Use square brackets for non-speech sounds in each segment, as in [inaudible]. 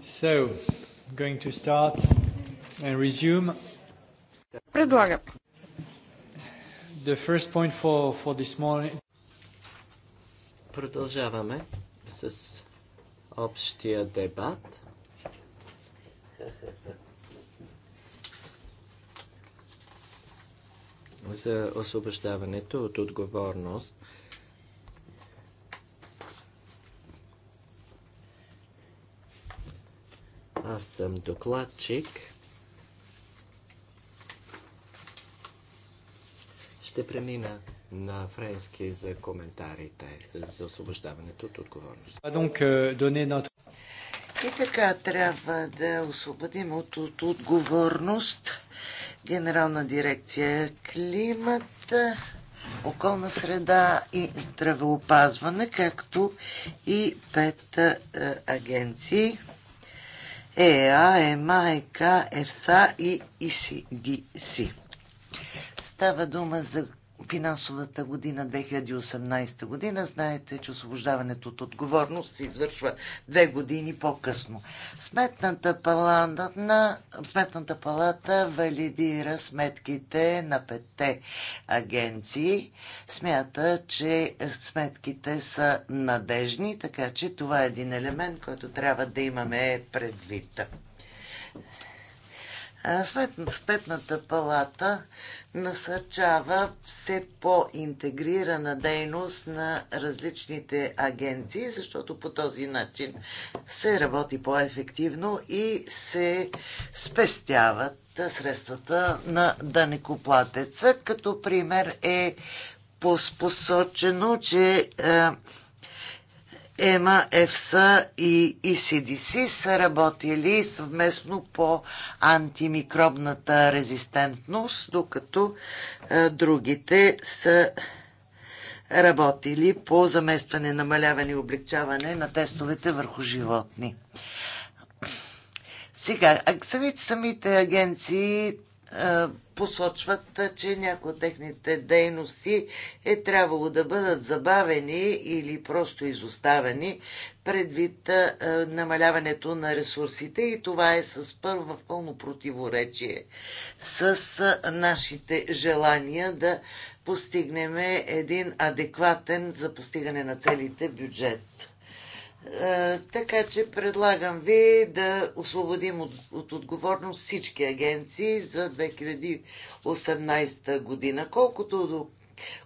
So, going to start and resume. Предлагам. The first point for, for this morning. Продължаваме с общия дебат. за освобождаването от отговорност Аз съм докладчик. Ще премина на френски за коментарите за освобождаването от отговорност. Euh, и така трябва да освободим от, от отговорност Генерална дирекция климат, околна среда и здравеопазване, както и пет е, агенции. ЕА, ЕМА, ЕК, ЕФСА и ИСДС. Става дума за финансовата година 2018 година. Знаете, че освобождаването от отговорност се извършва две години по-късно. Сметната палата, на, сметната палата валидира сметките на петте агенции. Смята, че сметките са надежни, така че това е един елемент, който трябва да имаме предвид. Сметната палата насърчава все по-интегрирана дейност на различните агенции, защото по този начин се работи по-ефективно и се спестяват средствата на данекоплатеца. Като пример е посочено, че е, ЕМА, ЕФСА и ECDC са работили съвместно по антимикробната резистентност, докато е, другите са работили по заместване, намаляване и облегчаване на тестовете върху животни. Сега, самите, самите агенции посочват, че някои от техните дейности е трябвало да бъдат забавени или просто изоставени предвид намаляването на ресурсите и това е с първо в пълно противоречие с нашите желания да постигнем един адекватен за постигане на целите бюджет. Е, така че предлагам ви да освободим от, от отговорност всички агенции за 2018 година. Колкото до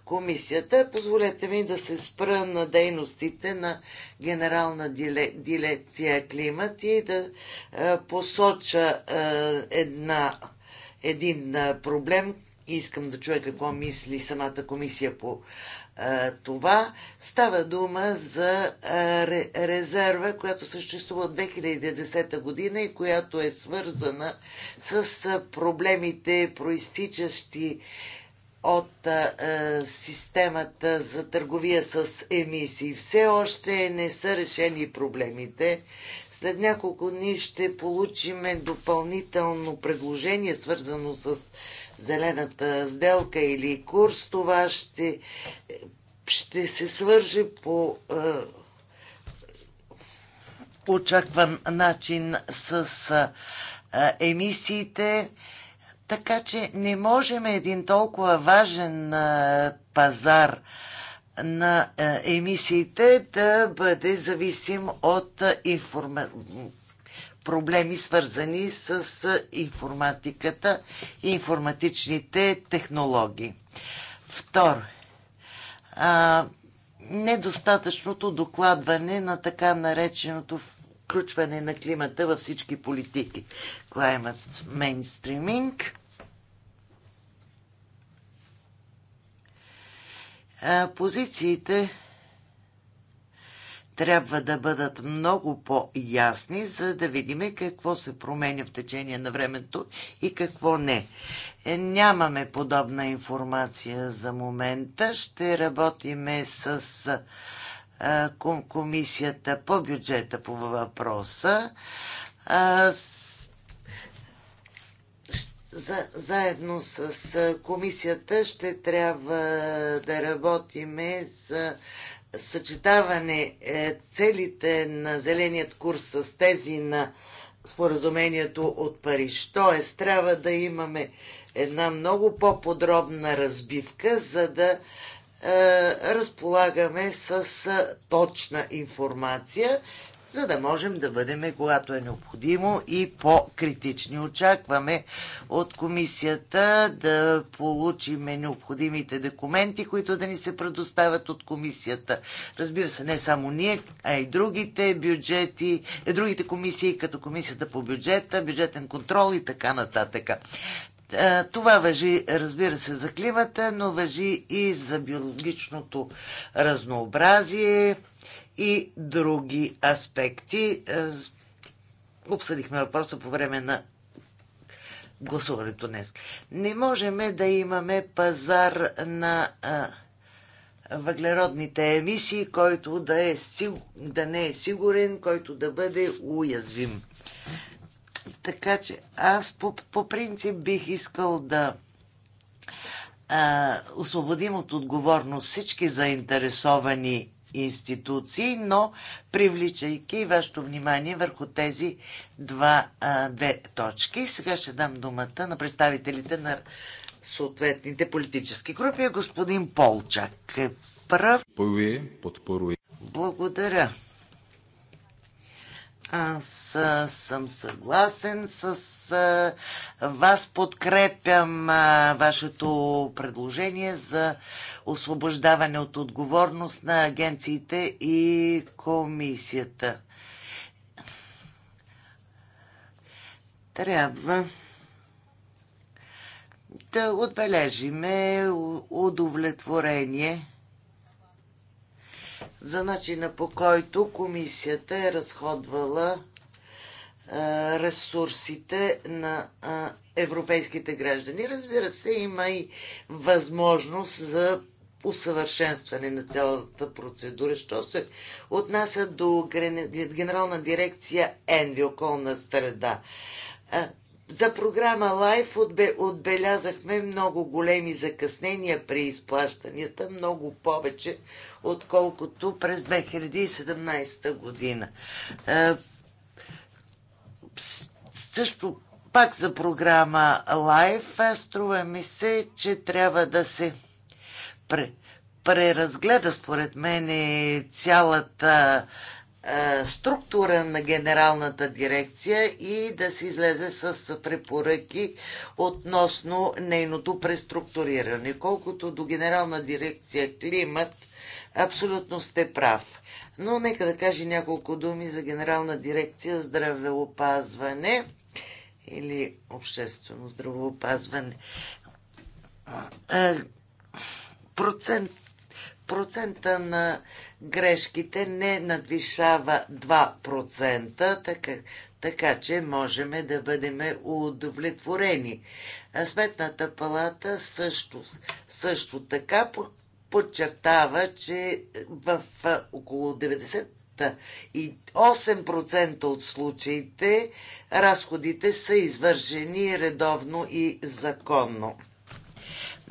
комисията, позволете ми да се спра на дейностите на Генерална дирекция климат и да е, посоча е, една, един проблем. Искам да чуя какво мисли самата комисия по това. Става дума за резерва, която съществува от 2010 година и която е свързана с проблемите, проистичащи от системата за търговия с емисии. Все още не са решени проблемите. След няколко дни ще получим допълнително предложение, свързано с зелената сделка или курс, това ще, ще се свържи по е, очакван начин с е, е емисиите. Така че не можем един толкова важен е, пазар на е, емисиите да бъде зависим от е, информация проблеми, свързани с информатиката и информатичните технологии. Второ, а, недостатъчното докладване на така нареченото включване на климата във всички политики. Climate mainstreaming. Позициите трябва да бъдат много по-ясни, за да видим какво се променя в течение на времето и какво не. Е, нямаме подобна информация за момента. Ще работиме с комисията по бюджета по въпроса. за, заедно с комисията ще трябва да работиме за съчетаване е, целите на зеленият курс с тези на споразумението от Париж. Тоест, трябва да имаме една много по-подробна разбивка, за да е, разполагаме с е, точна информация, за да можем да бъдем, когато е необходимо, и по-критични. Очакваме от комисията да получим необходимите документи, които да ни се предоставят от комисията. Разбира се, не само ние, а и другите бюджети, и е, другите комисии, като комисията по бюджета, бюджетен контрол и така нататък. Е, това въжи, разбира се, за климата, но въжи и за биологичното разнообразие, и други аспекти. Е, обсъдихме въпроса по време на гласуването днес. Не можем да имаме пазар на а, е, въглеродните емисии, който да, е, да не е сигурен, който да бъде уязвим. Така че аз по, по принцип бих искал да а, е, освободим от отговорност всички заинтересовани институции, но привличайки вашето внимание върху тези два, а, две точки. Сега ще дам думата на представителите на съответните политически групи. Господин Полчак, е прав. Благодаря. Аз съм съгласен с вас. Подкрепям вашето предложение за освобождаване от отговорност на агенциите и комисията. Трябва да отбележиме удовлетворение за начина по който комисията е разходвала е, ресурсите на е, европейските граждани. Разбира се, има и възможност за усъвършенстване на цялата процедура. Що се отнася до Генерална дирекция ЕНВИ, околна среда. Е, за програма Лайф отбелязахме много големи закъснения при изплащанията, много повече, отколкото през 2017 година. Е, също пак за програма Лайф, е, струва ми се, че трябва да се преразгледа според мен е цялата е, структура на генералната дирекция и да се излезе с препоръки относно нейното преструктуриране. Колкото до генерална дирекция климат, абсолютно сте прав. Но нека да кажа няколко думи за генерална дирекция здравеопазване или обществено здравеопазване. Е, процент процента на грешките не надвишава 2%, така, така че можем да бъдем удовлетворени. Сметната палата също, също така подчертава, че в около 90 и 8% от случаите разходите са извършени редовно и законно.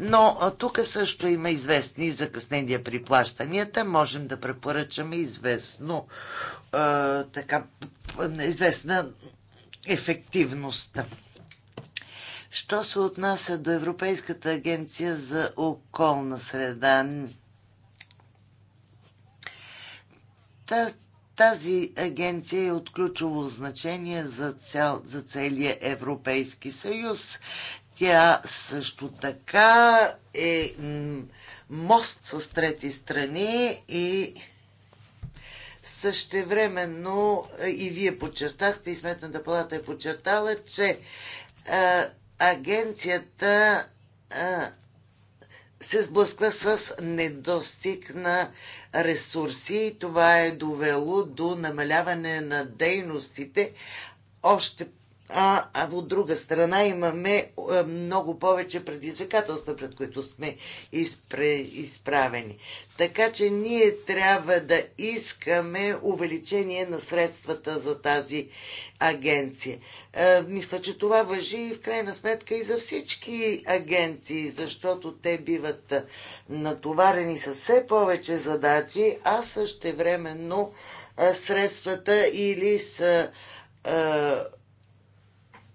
Но тук също има известни закъснения при плащанията. Можем да препоръчаме известно, е, така, известна ефективност. Що се отнася до Европейската агенция за околна среда? Тази агенция е от ключово значение за, цял, за целия Европейски съюз. Тя също така е мост с трети страни и същевременно е, и вие подчертахте, и Сметната палата е подчертала, че а, е, агенцията а, е, се сблъсква с недостиг на ресурси и това е довело до намаляване на дейностите, още а, а от друга страна имаме е, много повече предизвикателства, пред които сме изпре, изправени. Така че ние трябва да искаме увеличение на средствата за тази агенция. А, е, мисля, че това въжи и в крайна сметка и за всички агенции, защото те биват натоварени с все повече задачи, а същевременно е, средствата или с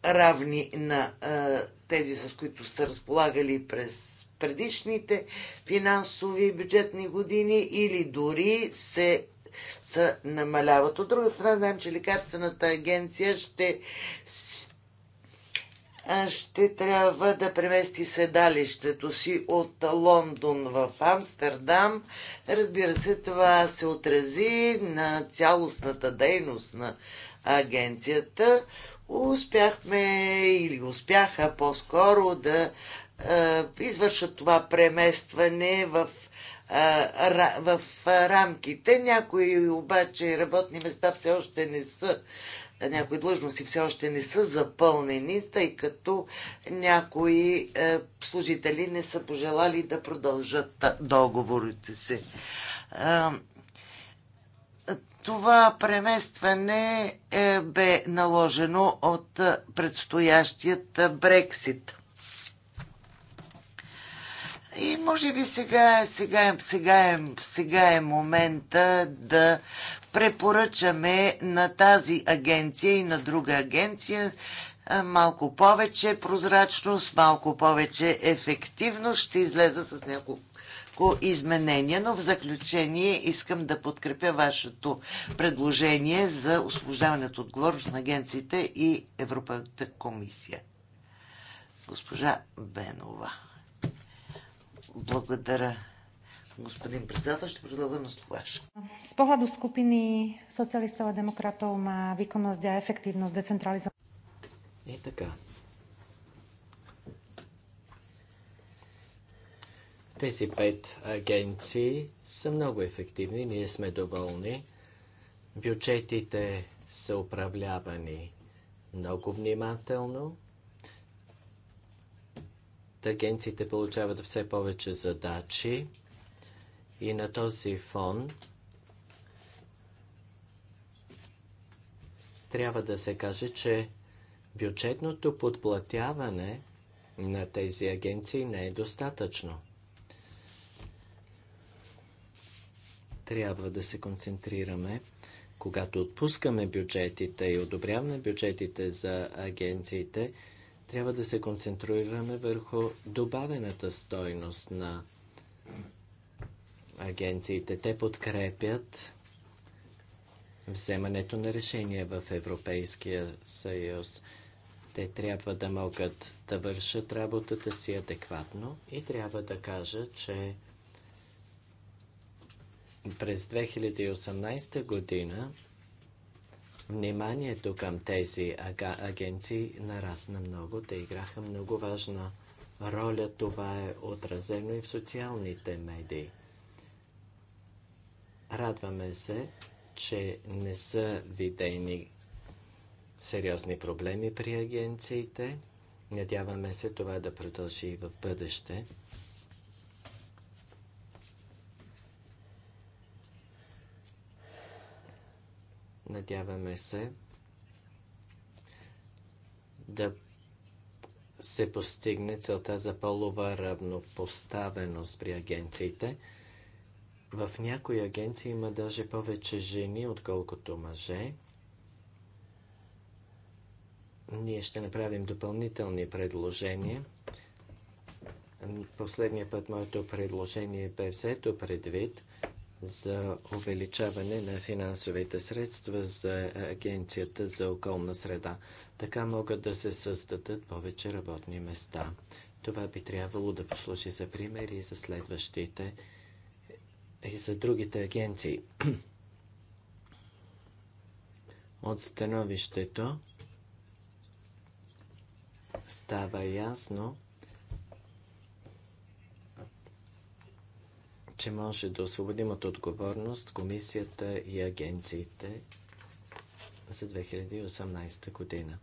равни на а, тези, с които са разполагали през предишните финансови и бюджетни години или дори се са намаляват. От друга страна, знаем, че лекарствената агенция ще ще трябва да премести седалището си от Лондон в Амстердам. Разбира се, това се отрази на цялостната дейност на агенцията успяхме или успяха по-скоро да извършат това преместване в в рамките. Някои обаче работни места все още не са, някои длъжности все още не са запълнени, тъй като някои служители не са пожелали да продължат договорите си. Това преместване е, бе наложено от е, предстоящият е, Брексит. И може би сега, сега, сега, е, сега е момента да препоръчаме на тази агенция и на друга агенция е, малко повече прозрачност, малко повече ефективност. Ще излеза с няколко малко изменения, но в заключение искам да подкрепя вашето предложение за освобождаването отговорност на агенциите и Европейската комисия. Госпожа Бенова. Благодаря. Господин председател, ще предлага на Словашка. С погляду скупини socialistov a demokratov má výkonnosť ефективност децентрализация. decentralizovaná. Е и така. Тези пет агенции са много ефективни, ние сме доволни. Бюджетите са управлявани много внимателно. Агенциите получават все повече задачи и на този фон трябва да се каже, че бюджетното подплатяване на тези агенции не е достатъчно. трябва да се концентрираме, когато отпускаме бюджетите и одобряваме бюджетите за агенциите, трябва да се концентрираме върху добавената стойност на агенциите. Те подкрепят вземането на решения в Европейския съюз. Те трябва да могат да вършат работата си адекватно и трябва да кажат, че през 2018 година вниманието към тези агенции нарасна много. Те играха много важна роля. Това е отразено и в социалните медии. Радваме се, че не са видени сериозни проблеми при агенциите. Надяваме се това да продължи и в бъдеще. Надяваме се да се постигне целта за полова равнопоставеност при агенциите. В някои агенции има даже повече жени, отколкото мъже. Ние ще направим допълнителни предложения. Последния път моето предложение бе взето предвид, за увеличаване на финансовите средства за Агенцията за околна среда. Така могат да се създадат повече работни места. Това би трябвало да послужи за пример и за следващите и за другите агенции. [clears throat] От становището става ясно, че може да освободим от отговорност комисията и агенциите за 2018 година.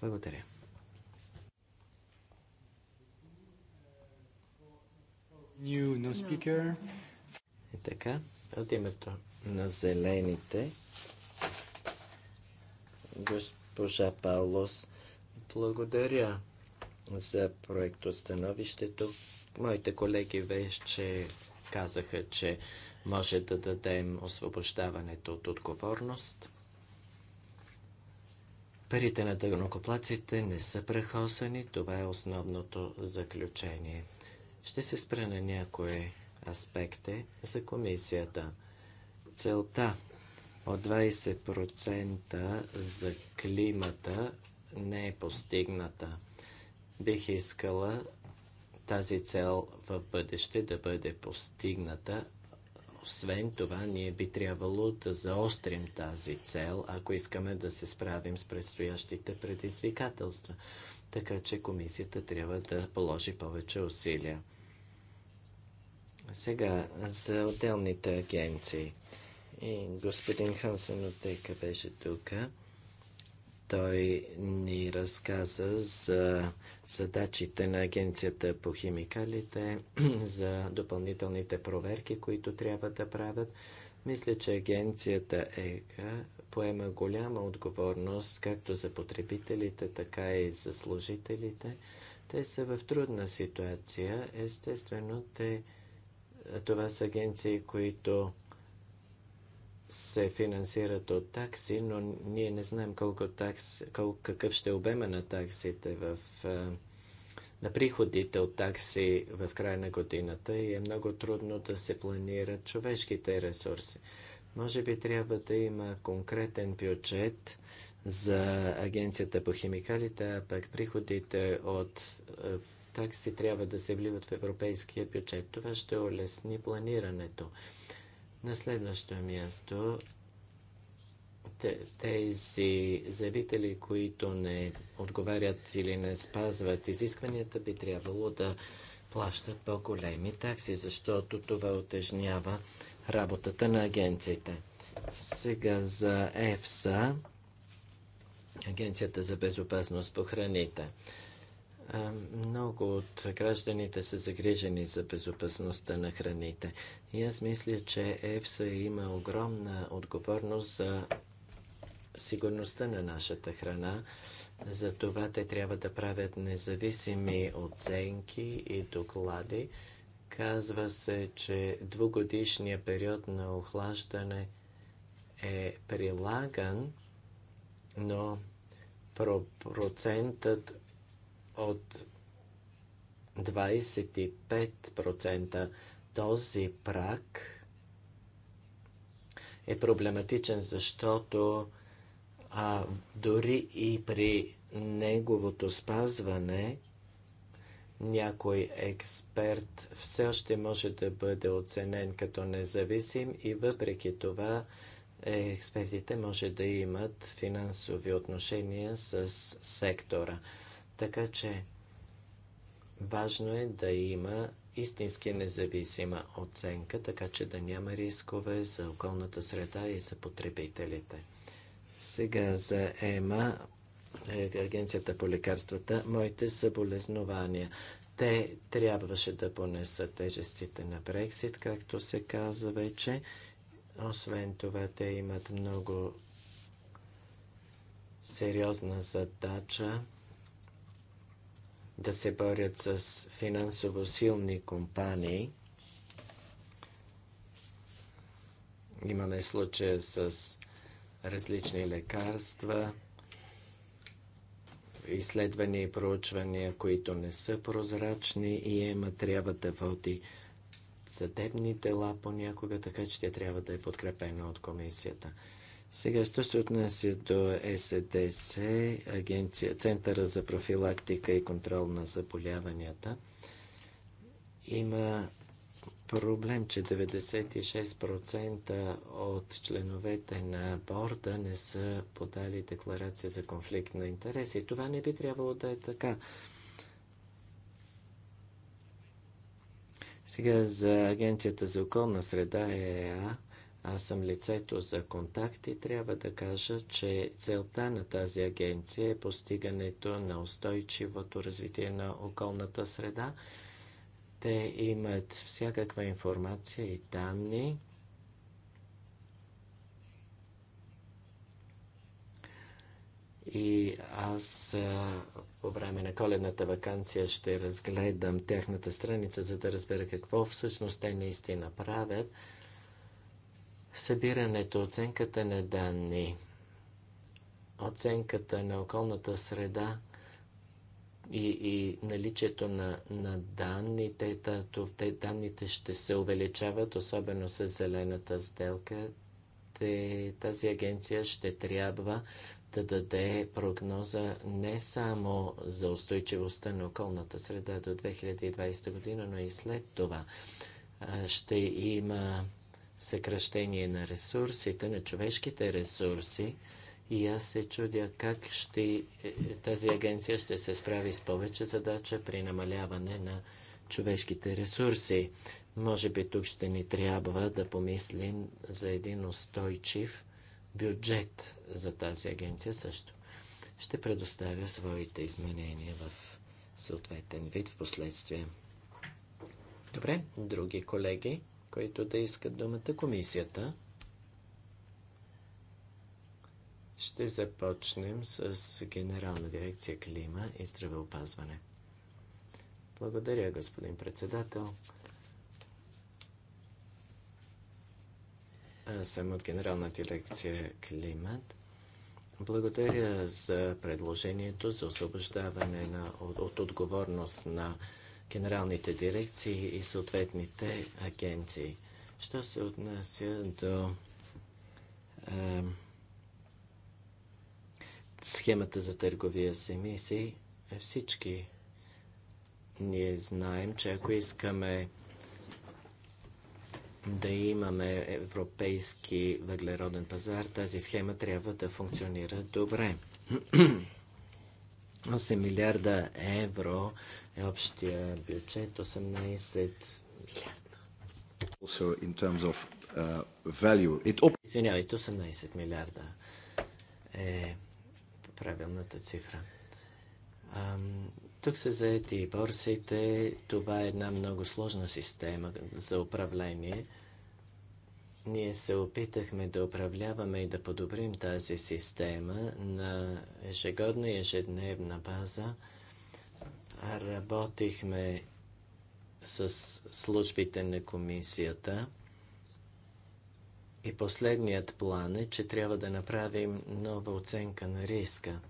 Благодаря. New, no speaker. И така, от името на зелените, госпожа Паулос, благодаря за проектостановището. Моите колеги вече казаха, че може да дадем освобождаването от отговорност. Парите на дъгнокоплаците не са прехосани. Това е основното заключение. Ще се спра на някои аспекти за комисията. Целта от 20% за климата не е постигната. Бих искала тази цел в бъдеще да бъде постигната. Освен това, ние би трябвало да заострим тази цел, ако искаме да се справим с предстоящите предизвикателства. Така че комисията трябва да положи повече усилия. Сега за отделните агенции. И господин Хансен от ДК беше тук. Той ни разказа за задачите на Агенцията по химикалите, [clears throat] за допълнителните проверки, които трябва да правят. Мисля, че агенцията ЕКА поема голяма отговорност както за потребителите, така и за служителите. Те са в трудна ситуация. Естествено, те, това са агенции, които се финансират от такси, но ние не знаем колко такс, колко, какъв ще е обема на таксите в, на приходите от такси в края на годината и е много трудно да се планират човешките ресурси. Може би трябва да има конкретен бюджет за агенцията по химикалите, а пък приходите от такси трябва да се вливат в европейския бюджет. Това ще улесни планирането. На следващо място тези заявители, които не отговарят или не спазват изискванията, би трябвало да плащат по-големи такси, защото това отежнява работата на агенциите. Сега за ЕФСА, Агенцията за безопасност по храните. Много от гражданите са загрижени за безопасността на храните. И аз мисля, че ЕФСА има огромна отговорност за сигурността на нашата храна. Затова те трябва да правят независими оценки и доклади. Казва се, че двугодишният период на охлаждане е прилаган, но процентът от 25%. Този прак е проблематичен, защото а, дори и при неговото спазване някой експерт все още може да бъде оценен като независим и въпреки това е, експертите може да имат финансови отношения с сектора. Така че важно е да има истински независима оценка, така че да няма рискове за околната среда и за потребителите. Сега за ЕМА, е, Агенцията по лекарствата, моите съболезнования. Те трябваше да понесат тежестите на Брексит, както се каза вече. Освен това, те имат много сериозна задача да се борят с финансово силни компании. Имаме случая с различни лекарства, изследвания и проучвания, които не са прозрачни и ЕМА трябва да води съдебни дела понякога, така че тя трябва да е подкрепена от комисията. Сега, що се отнася до СДС, агенция, Центъра за профилактика и контрол на заболяванията, има проблем, че 96% от членовете на борда не са подали декларация за конфликт на интереси. Това не би трябвало да е така. Сега за Агенцията за околна среда ЕА. Аз съм лицето за контакт и трябва да кажа, че целта на тази агенция е постигането на устойчивото развитие на околната среда. Те имат всякаква информация и данни. И аз по време на коледната вакансия ще разгледам тяхната страница, за да разбера какво всъщност те наистина правят събирането, оценката на данни, оценката на околната среда и, и наличието на, на данните, тато, те данните ще се увеличават, особено с зелената сделка. Те, тази агенция ще трябва да даде прогноза не само за устойчивостта на околната среда до 2020 година, но и след това. Ще има съкръщение на ресурсите, на човешките ресурси. И аз се чудя как ще, е, тази агенция ще се справи с повече задача при намаляване на човешките ресурси. Може би тук ще ни трябва да помислим за един устойчив бюджет за тази агенция също. Ще предоставя своите изменения в съответен вид в последствие. Добре, други колеги които да искат думата. Комисията ще започнем с Генерална дирекция Клима и здравеопазване. Благодаря, господин председател. Аз съм от Генерална дирекция Климат. Благодаря за предложението за освобождаване на, от, от отговорност на генералните дирекции и съответните агенции. Що се отнася до е, схемата за търговия с емисии, е, всички ние знаем, че ако искаме да имаме европейски въглероден пазар, тази схема трябва да функционира добре. 8 [clears throat] милиарда евро общия бюджет 18 милиарда. Also in terms of uh, value, it op- Извинявайте, 18 милиарда е правилната цифра. Ам, тук са заети борсите. Това е една много сложна система за управление. Ние се опитахме да управляваме и да подобрим тази система на ежегодна и ежедневна база. Работихме с службите на комисията. И последният план е, че трябва да направим нова оценка на риска.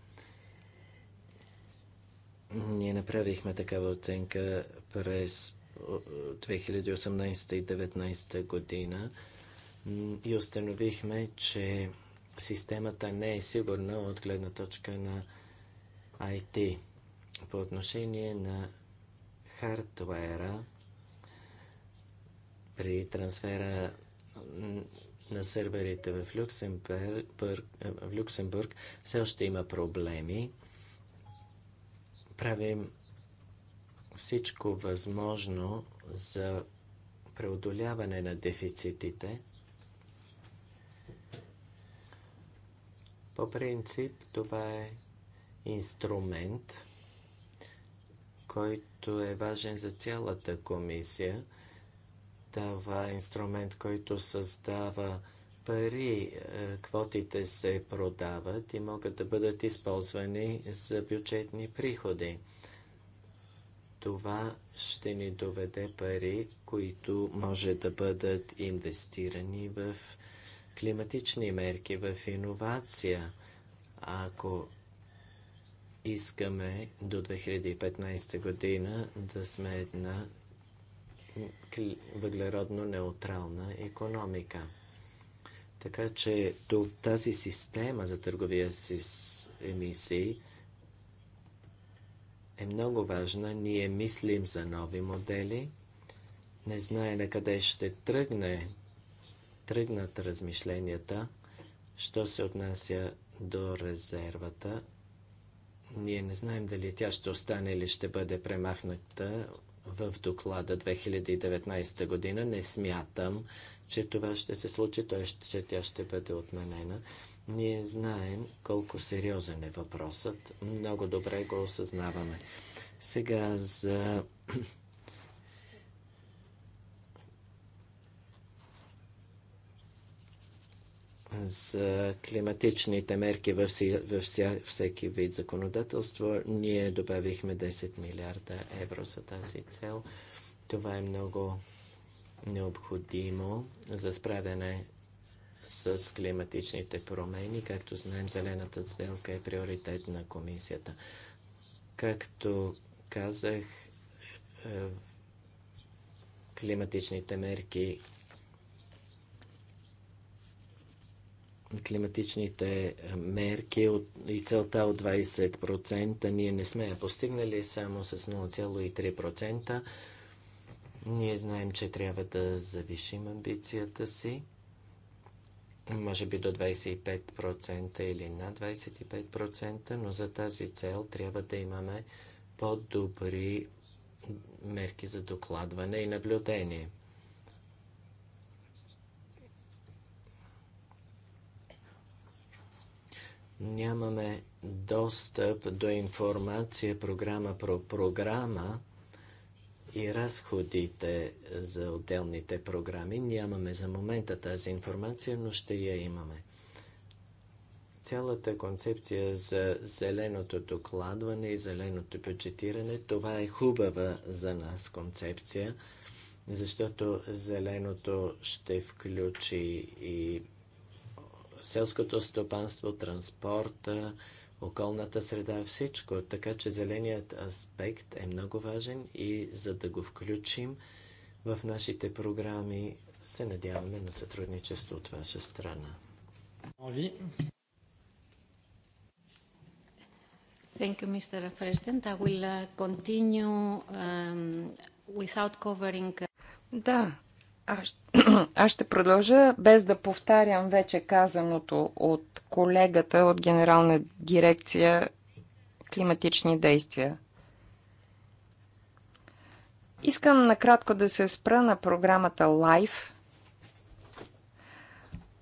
Ние направихме такава оценка през 2018 и 2019 година и установихме, че системата не е сигурна от гледна точка на IT по отношение на хардуера при трансфера на серверите в Люксембург, в Люксембург все още има проблеми. Правим всичко възможно за преодоляване на дефицитите. По принцип това е инструмент, който е важен за цялата комисия. това е инструмент, който създава пари. Е, квотите се продават и могат да бъдат използвани за бюджетни приходи. Това ще ни доведе пари, които може да бъдат инвестирани в климатични мерки, в иновация. Ако искаме до 2015 година да сме една въглеродно неутрална економика. Така че тази система за търговия с емисии е много важна. Ние мислим за нови модели. Не знае на къде ще тръгне, тръгнат размишленията, що се отнася до резервата ние не знаем дали тя ще остане или ще бъде премахната в доклада 2019 година. Не смятам, че това ще се случи, т.е. че тя ще бъде отменена. Ние знаем колко сериозен е въпросът. Много добре го осъзнаваме. Сега за за климатичните мерки във, всеки вид законодателство. Ние добавихме 10 милиарда евро за тази цел. Това е много необходимо за справяне с климатичните промени. Както знаем, зелената сделка е приоритет на комисията. Както казах, е, климатичните мерки климатичните е, мерки от, и целта от 20%. Ние не сме я постигнали само с 0,3%. Ние знаем, че трябва да завишим амбицията си. Може би до 25% или над 25%, но за тази цел трябва да имаме по-добри мерки за докладване и наблюдение. нямаме достъп до информация програма про програма и разходите за отделните програми. Нямаме за момента тази информация, но ще я имаме. Цялата концепция за зеленото докладване и зеленото бюджетиране, това е хубава за нас концепция, защото зеленото ще включи и селското стопанство, транспорта, околната среда, всичко. Така че зеленият аспект е много важен и за да го включим в нашите програми, се надяваме на сътрудничество от ваша страна. Thank you, Mr. President. I will uh, continue um, without covering... Uh, да, аз, [clears throat] аз ще продължа, без да повтарям вече казаното от колегата от Генерална дирекция климатични действия. Искам накратко да се спра на програмата LIFE,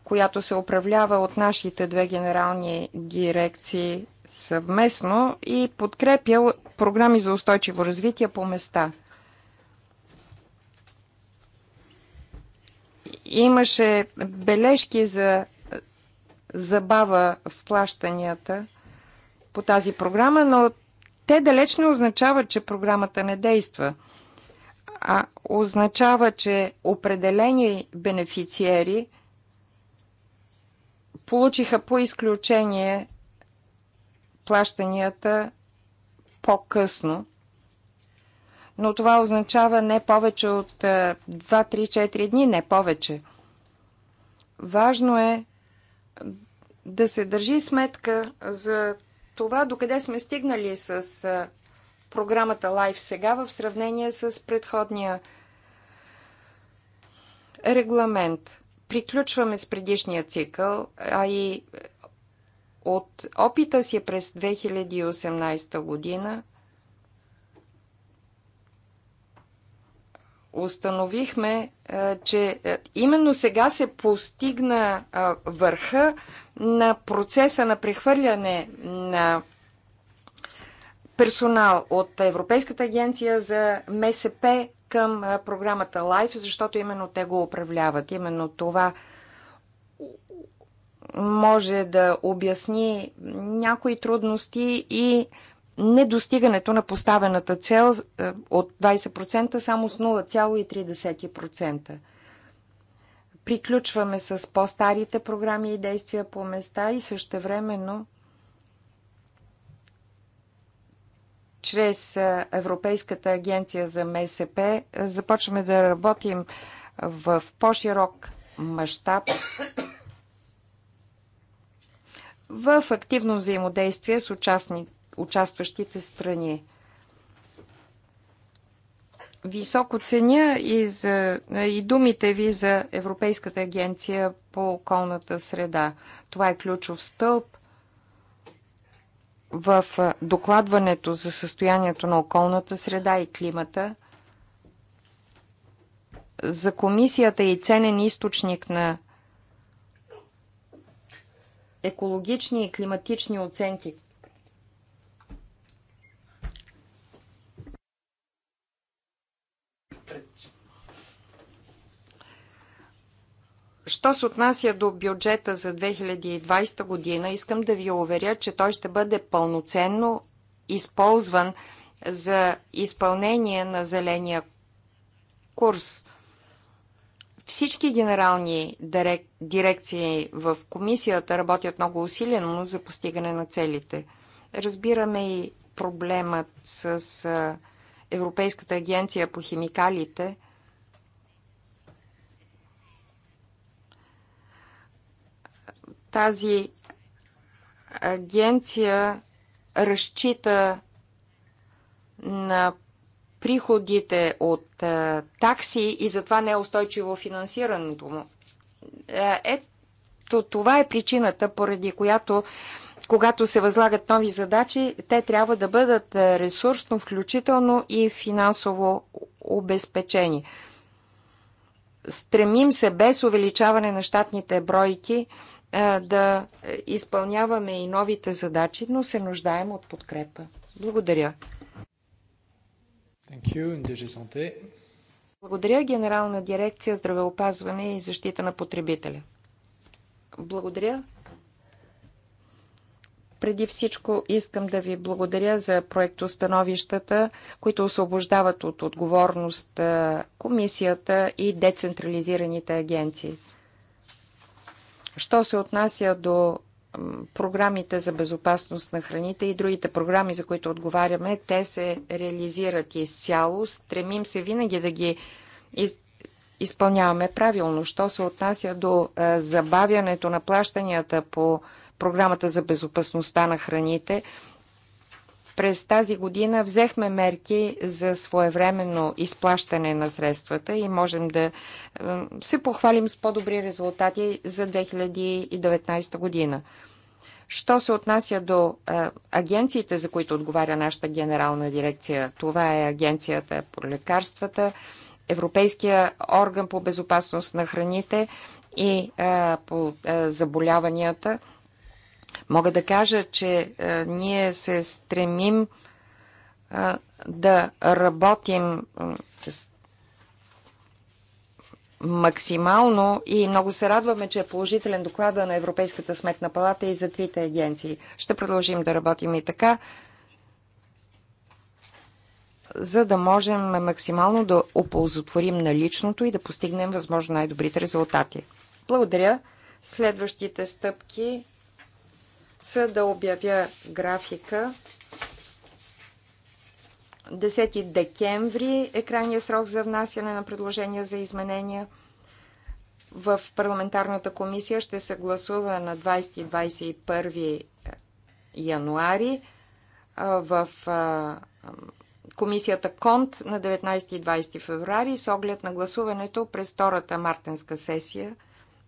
която се управлява от нашите две генерални дирекции съвместно и подкрепя програми за устойчиво развитие по места – Имаше бележки за забава в плащанията по тази програма, но те далеч не означават, че програмата не действа, а означава, че определени бенефициери получиха по изключение плащанията по-късно но това означава не повече от 2-3-4 е, дни, не повече. Важно е да се държи сметка за това, докъде сме стигнали с е, програмата Live сега в сравнение с предходния регламент. Приключваме с предишния цикъл, а и от опита си през 2018 година установихме, е, че е, именно сега се постигна е, върха на процеса на прехвърляне на персонал от Европейската агенция за МСП към програмата LIFE, защото именно те го управляват. Именно това може да обясни някои трудности и недостигането на поставената цел е, от 20% само с 0,3%. Приключваме с по-старите програми и действия по места и същевременно чрез е, Европейската агенция за МСП е, започваме да работим в по-широк мащаб в активно взаимодействие с участниците участващите страни. Високо ценя и, за, и думите ви за Европейската агенция по околната среда. Това е ключов стълб в докладването за състоянието на околната среда и климата. За комисията и ценен източник на екологични и климатични оценки, пред... Що се отнася до бюджета за 2020 година, искам да ви уверя, че той ще бъде пълноценно използван за изпълнение на зеления курс. Всички генерални дирек... дирекции в комисията работят много усилено за постигане на целите. Разбираме и проблемът с Европейската агенция по химикалите тази агенция разчита на приходите от а, такси и затова не е устойчиво финансирането му. Е, ето това е причината, поради която когато се възлагат нови задачи, те трябва да бъдат е, ресурсно, включително и финансово обезпечени. Стремим се без увеличаване на щатните бройки е, да изпълняваме и новите задачи, но се нуждаем от подкрепа. Благодаря. Благодаря Генерална дирекция здравеопазване и защита на потребителя. Благодаря. Преди всичко искам да ви благодаря за проектостановищата, които освобождават от отговорност комисията и децентрализираните агенции. Що се отнася до програмите за безопасност на храните и другите програми, за които отговаряме, те се реализират изцяло. Стремим се винаги да ги из... изпълняваме правилно. Що се отнася до забавянето на плащанията по програмата за безопасността на храните, през тази година взехме мерки за своевременно изплащане на средствата и можем да се похвалим с по-добри резултати за 2019 година. Що се отнася до агенциите, за които отговаря нашата генерална дирекция, това е Агенцията по лекарствата, Европейския орган по безопасност на храните и по заболяванията – Мога да кажа, че е, ние се стремим е, да работим максимално и много се радваме, че е положителен доклада на Европейската сметна палата и за трите агенции. Ще продължим да работим и така, за да можем максимално да оползотворим наличното и да постигнем възможно най-добрите резултати. Благодаря. Следващите стъпки са да обявя графика. 10 декември е крайния срок за внасяне на предложения за изменения. В парламентарната комисия ще се гласува на 20-21 е, януари. Е, в е, комисията КОНТ на 19 и 20 феврари с оглед на гласуването през втората мартенска сесия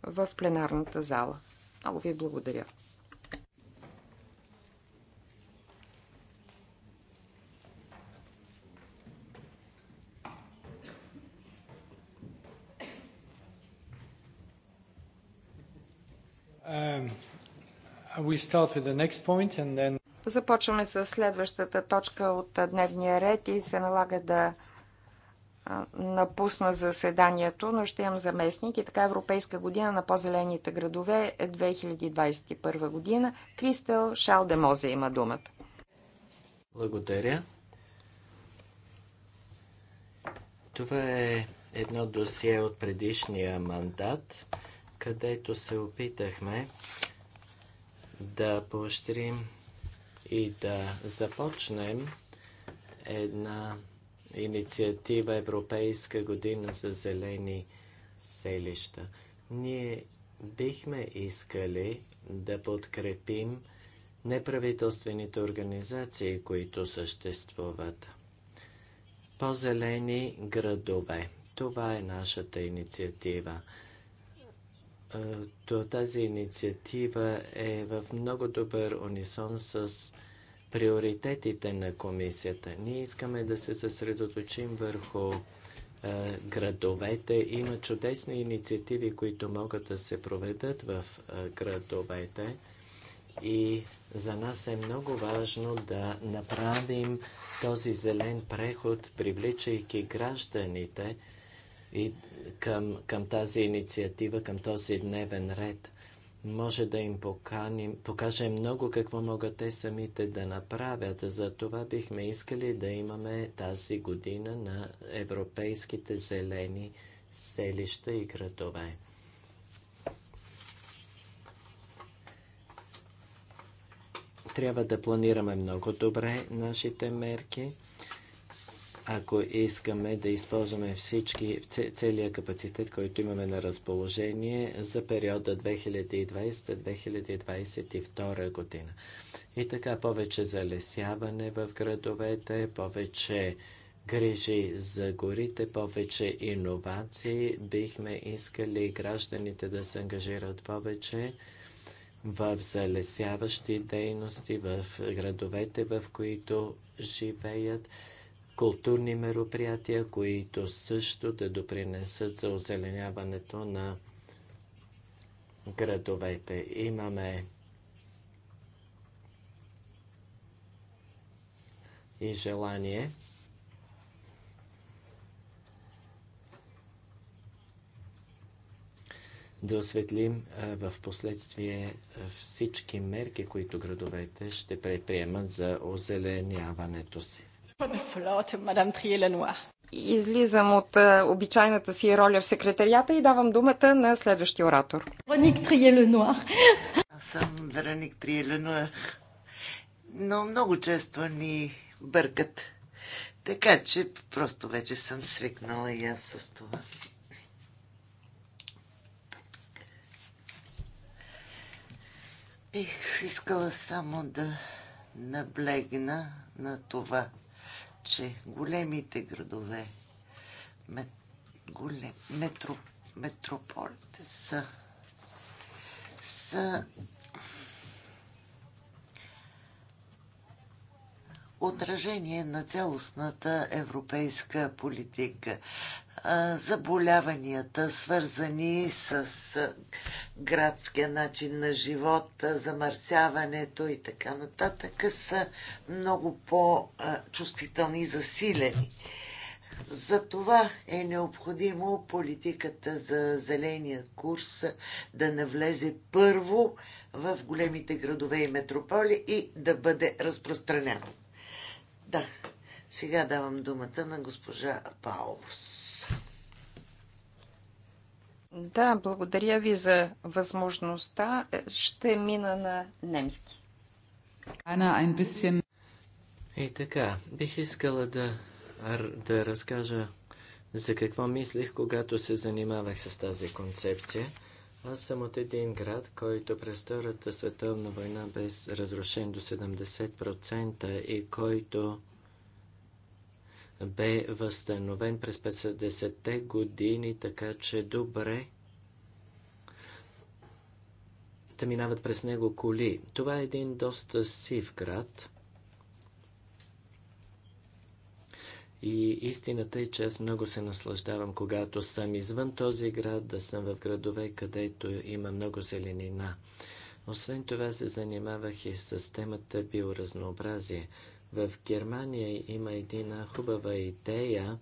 в пленарната зала. Много ви благодаря. Um, Започваме с следващата точка от дневния ред и се налага да напусна заседанието, но ще имам заместник и така Европейска година на по-зелените градове 2021 е година. Кристел Шалдемозе има думата. Благодаря. Това е едно досие от предишния мандат където се опитахме да поощрим и да започнем една инициатива Европейска година за зелени селища. Ние бихме искали да подкрепим неправителствените организации, които съществуват. По-зелени градове. Това е нашата инициатива. Е, то тази инициатива е в много добър унисон с приоритетите на комисията. Ние искаме да се съсредоточим върху е, градовете. Има чудесни инициативи, които могат да се проведат в е, градовете. И за нас е много важно да направим този зелен преход, привличайки гражданите и към, към тази инициатива, към този дневен ред. Може да им поканим, покажем много какво могат те самите да направят. За това бихме искали да имаме тази година на европейските зелени селища и градове. Трябва да планираме много добре нашите мерки ако искаме да използваме всички, целият капацитет, който имаме на разположение за периода 2020-2022 година. И така повече залесяване в градовете, повече грижи за горите, повече иновации. Бихме искали гражданите да се ангажират повече в залесяващи дейности в градовете, в които живеят културни мероприятия, които също да допринесат за озеленяването на градовете. Имаме и желание да осветлим в последствие всички мерки, които градовете ще предприемат за озеленяването си. Излизам от е, обичайната си роля в секретарията и давам думата на следващия оратор. Вероник Триеленуар. Аз съм Вероник Триеленуар. Но много често ни бъркат. Така че просто вече съм свикнала и аз с това. Бих искала само да наблегна на това, че големите градове, голем, метро, метрополите са, са отражение на цялостната европейска политика заболяванията, свързани с градския начин на живот, замърсяването и така нататък, са много по-чувствителни и засилени. За това е необходимо политиката за зеления курс да навлезе първо в големите градове и метрополи и да бъде разпространено. Да, сега давам думата на госпожа Паулос. Да, благодаря ви за възможността. Е, ще мина на немски. Ана, ein bisschen... И така, бих искала да, да разкажа за какво мислих, когато се занимавах с тази концепция. Аз съм от един град, който през Втората световна война бе разрушен до 70% и който бе възстановен през 50-те години, така че добре да минават през него коли. Това е един доста сив град. И истината е, че аз много се наслаждавам, когато съм извън този град, да съм в градове, където има много зеленина. Освен това се занимавах и с темата биоразнообразие – в Германия има една хубава идея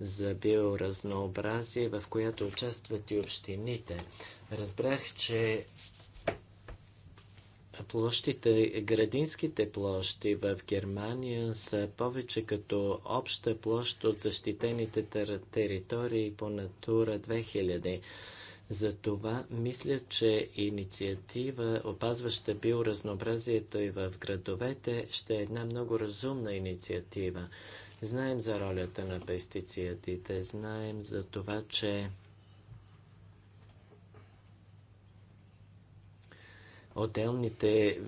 за биоразнообразие, в която участват и общините. Разбрах, че площите, градинските площи в Германия са повече като обща площ от защитените територии по Натура 2000. Затова мисля, че инициатива, опазваща биоразнообразието и в градовете, ще е една много разумна инициатива. Знаем за ролята на пестицидите, знаем за това, че отделните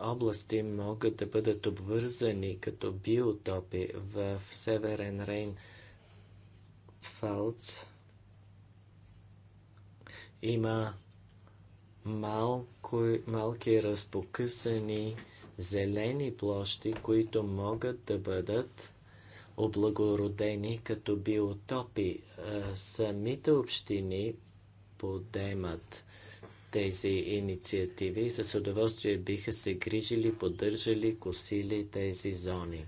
области могат да бъдат обвързани като биотопи в Северен Рейн, Фалц, има малко, малки разпокъсани зелени площи, които могат да бъдат облагородени като биотопи. Самите общини подемат тези инициативи и с удоволствие биха се грижили, поддържали, косили тези зони.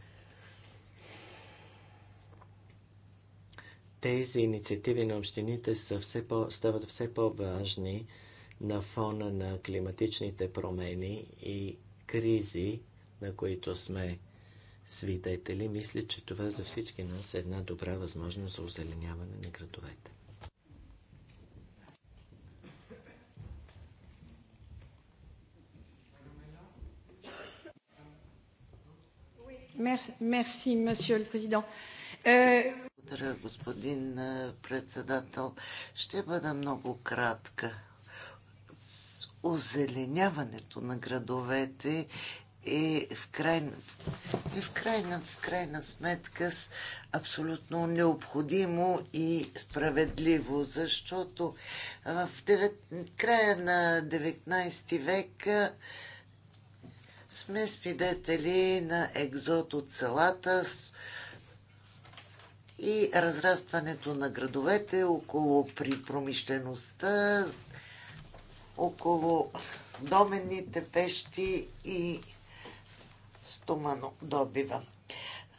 тези инициативи на общините са все по, стават все по-важни на фона на климатичните промени и кризи, на които сме свидетели. Мисля, че това за всички нас е една добра възможност за озеленяване на градовете. Merci, Monsieur le Président. Euh, благодаря, господин председател. Ще бъда много кратка. озеленяването на градовете е в, крайна, е в, крайна, в крайна сметка с абсолютно необходимо и справедливо, защото в 9, края на 19 век сме свидетели на екзот от селата, и разрастването на градовете около при промишлеността, около доменните пещи и стомано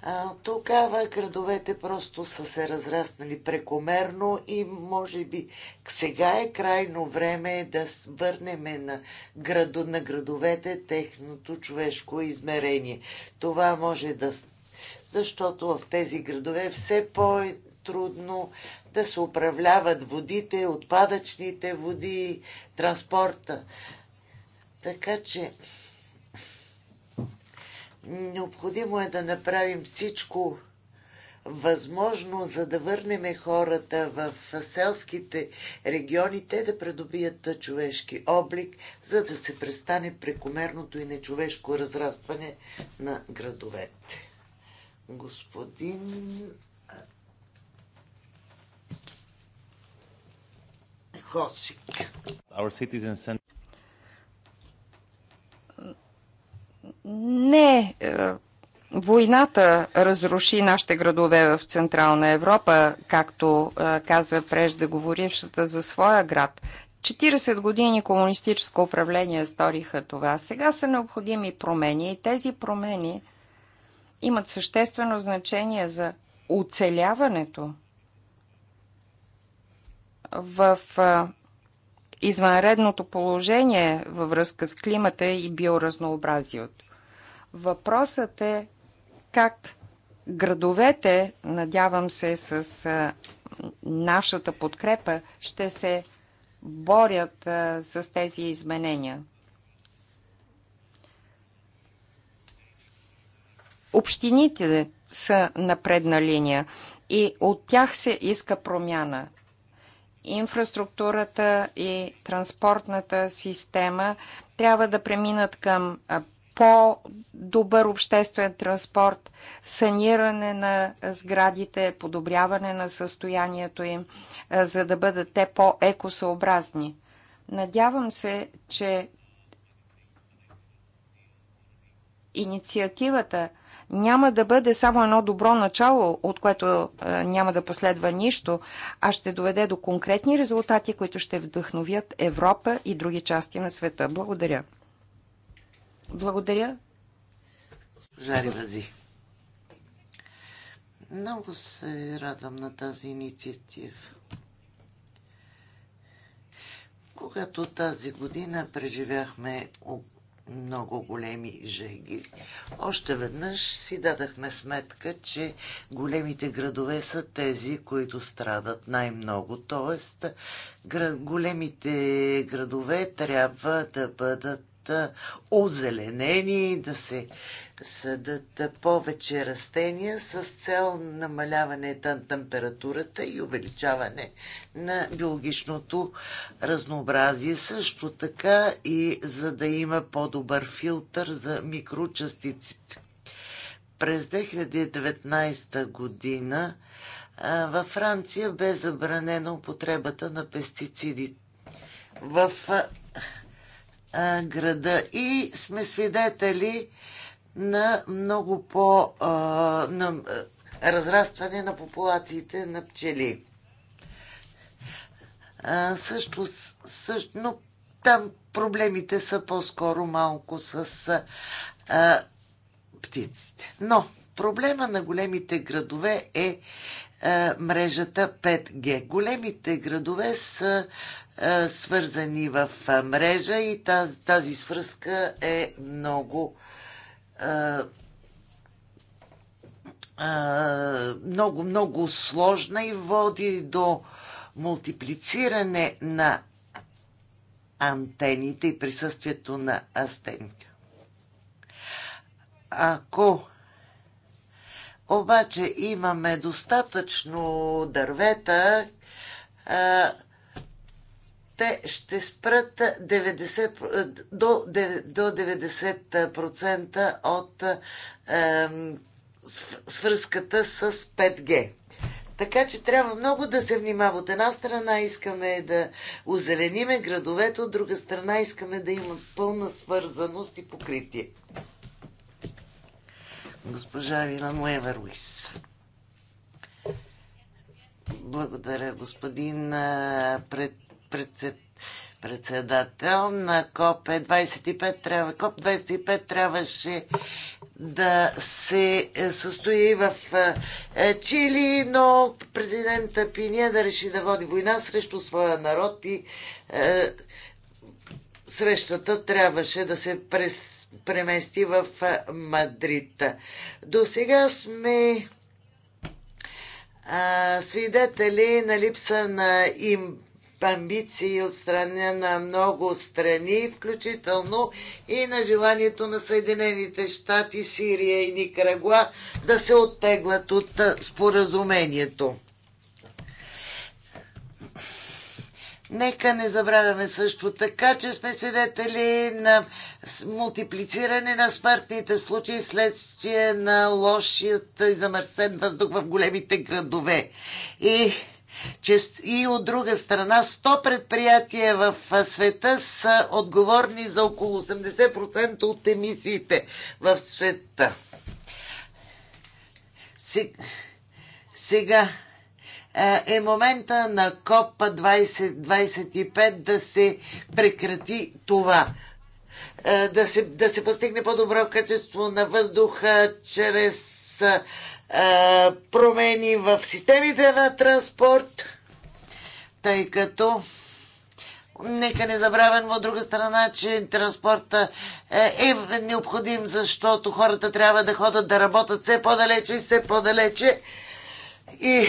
А, тогава градовете просто са се разраснали прекомерно и може би сега е крайно време да свърнем на, градо, на градовете техното човешко измерение. Това може да защото в тези градове е все по-трудно да се управляват водите, отпадъчните води, транспорта. Така че необходимо е да направим всичко възможно, за да върнем хората в селските региони, те да придобият човешки облик, за да се престане прекомерното и нечовешко разрастване на градовете господин Хосик. Не, е, войната разруши нашите градове в Централна Европа, както е, каза преждеговорившата за своя град. 40 години комунистическо управление сториха това. Сега са необходими промени и тези промени – имат съществено значение за оцеляването в извънредното положение във връзка с климата и биоразнообразието. Въпросът е как градовете, надявам се с нашата подкрепа, ще се борят с тези изменения. Общините са на предна линия и от тях се иска промяна. Инфраструктурата и транспортната система трябва да преминат към по-добър обществен транспорт, саниране на сградите, подобряване на състоянието им, за да бъдат те по-екосъобразни. Надявам се, че инициативата няма да бъде само едно добро начало, от което е, няма да последва нищо, а ще доведе до конкретни резултати, които ще вдъхновят Европа и други части на света. Благодаря. Благодаря. Жари Вази. Много се радвам на тази инициатива. Когато тази година преживяхме много големи жеги. Още веднъж си дадахме сметка, че големите градове са тези, които страдат най-много. Тоест, големите градове трябва да бъдат озеленени, да се съдат повече растения с цел намаляване на температурата и увеличаване на биологичното разнообразие. Също така и за да има по-добър филтър за микрочастиците. През 2019 година във Франция бе забранена употребата на пестициди в града и сме свидетели на много по а, на, а, разрастване на популациите на пчели. А, също, също, но там проблемите са по-скоро малко с а, птиците. Но проблема на големите градове е а, мрежата 5G. Големите градове са свързани в мрежа и тази, тази свръзка е много много, много сложна и води до мултиплициране на антените и присъствието на астените. Ако обаче имаме достатъчно дървета, те ще спрат 90, до, до 90% от е, свръзката с 5G. Така че трябва много да се внимава. От една страна искаме да озелениме градовете, от друга страна искаме да има пълна свързаност и покритие. Госпожа Вилануева Руис. Благодаря, господин пред председател на КОП 25 е трябва, КОП 25 трябваше да се е, състои в е, Чили, но президента Пиня да реши да води война срещу своя народ и е, срещата трябваше да се през, премести в Мадрид. До сега сме свидетели на липса на им амбиции от страна на много страни, включително и на желанието на Съединените щати, Сирия и Никарагуа да се оттеглят от споразумението. Нека не забравяме също така, че сме свидетели на мултиплициране на смъртните случаи следствие на лошият и замърсен въздух в големите градове. И че и от друга страна 100 предприятия в света са отговорни за около 80% от емисиите в света. Сега е момента на КОП 2025 да се прекрати това да се, да се постигне по-добро качество на въздуха чрез промени в системите на транспорт, тъй като Нека не забравяме от друга страна, че транспорта е, е необходим, защото хората трябва да ходят да работят все по-далече и все по-далече. И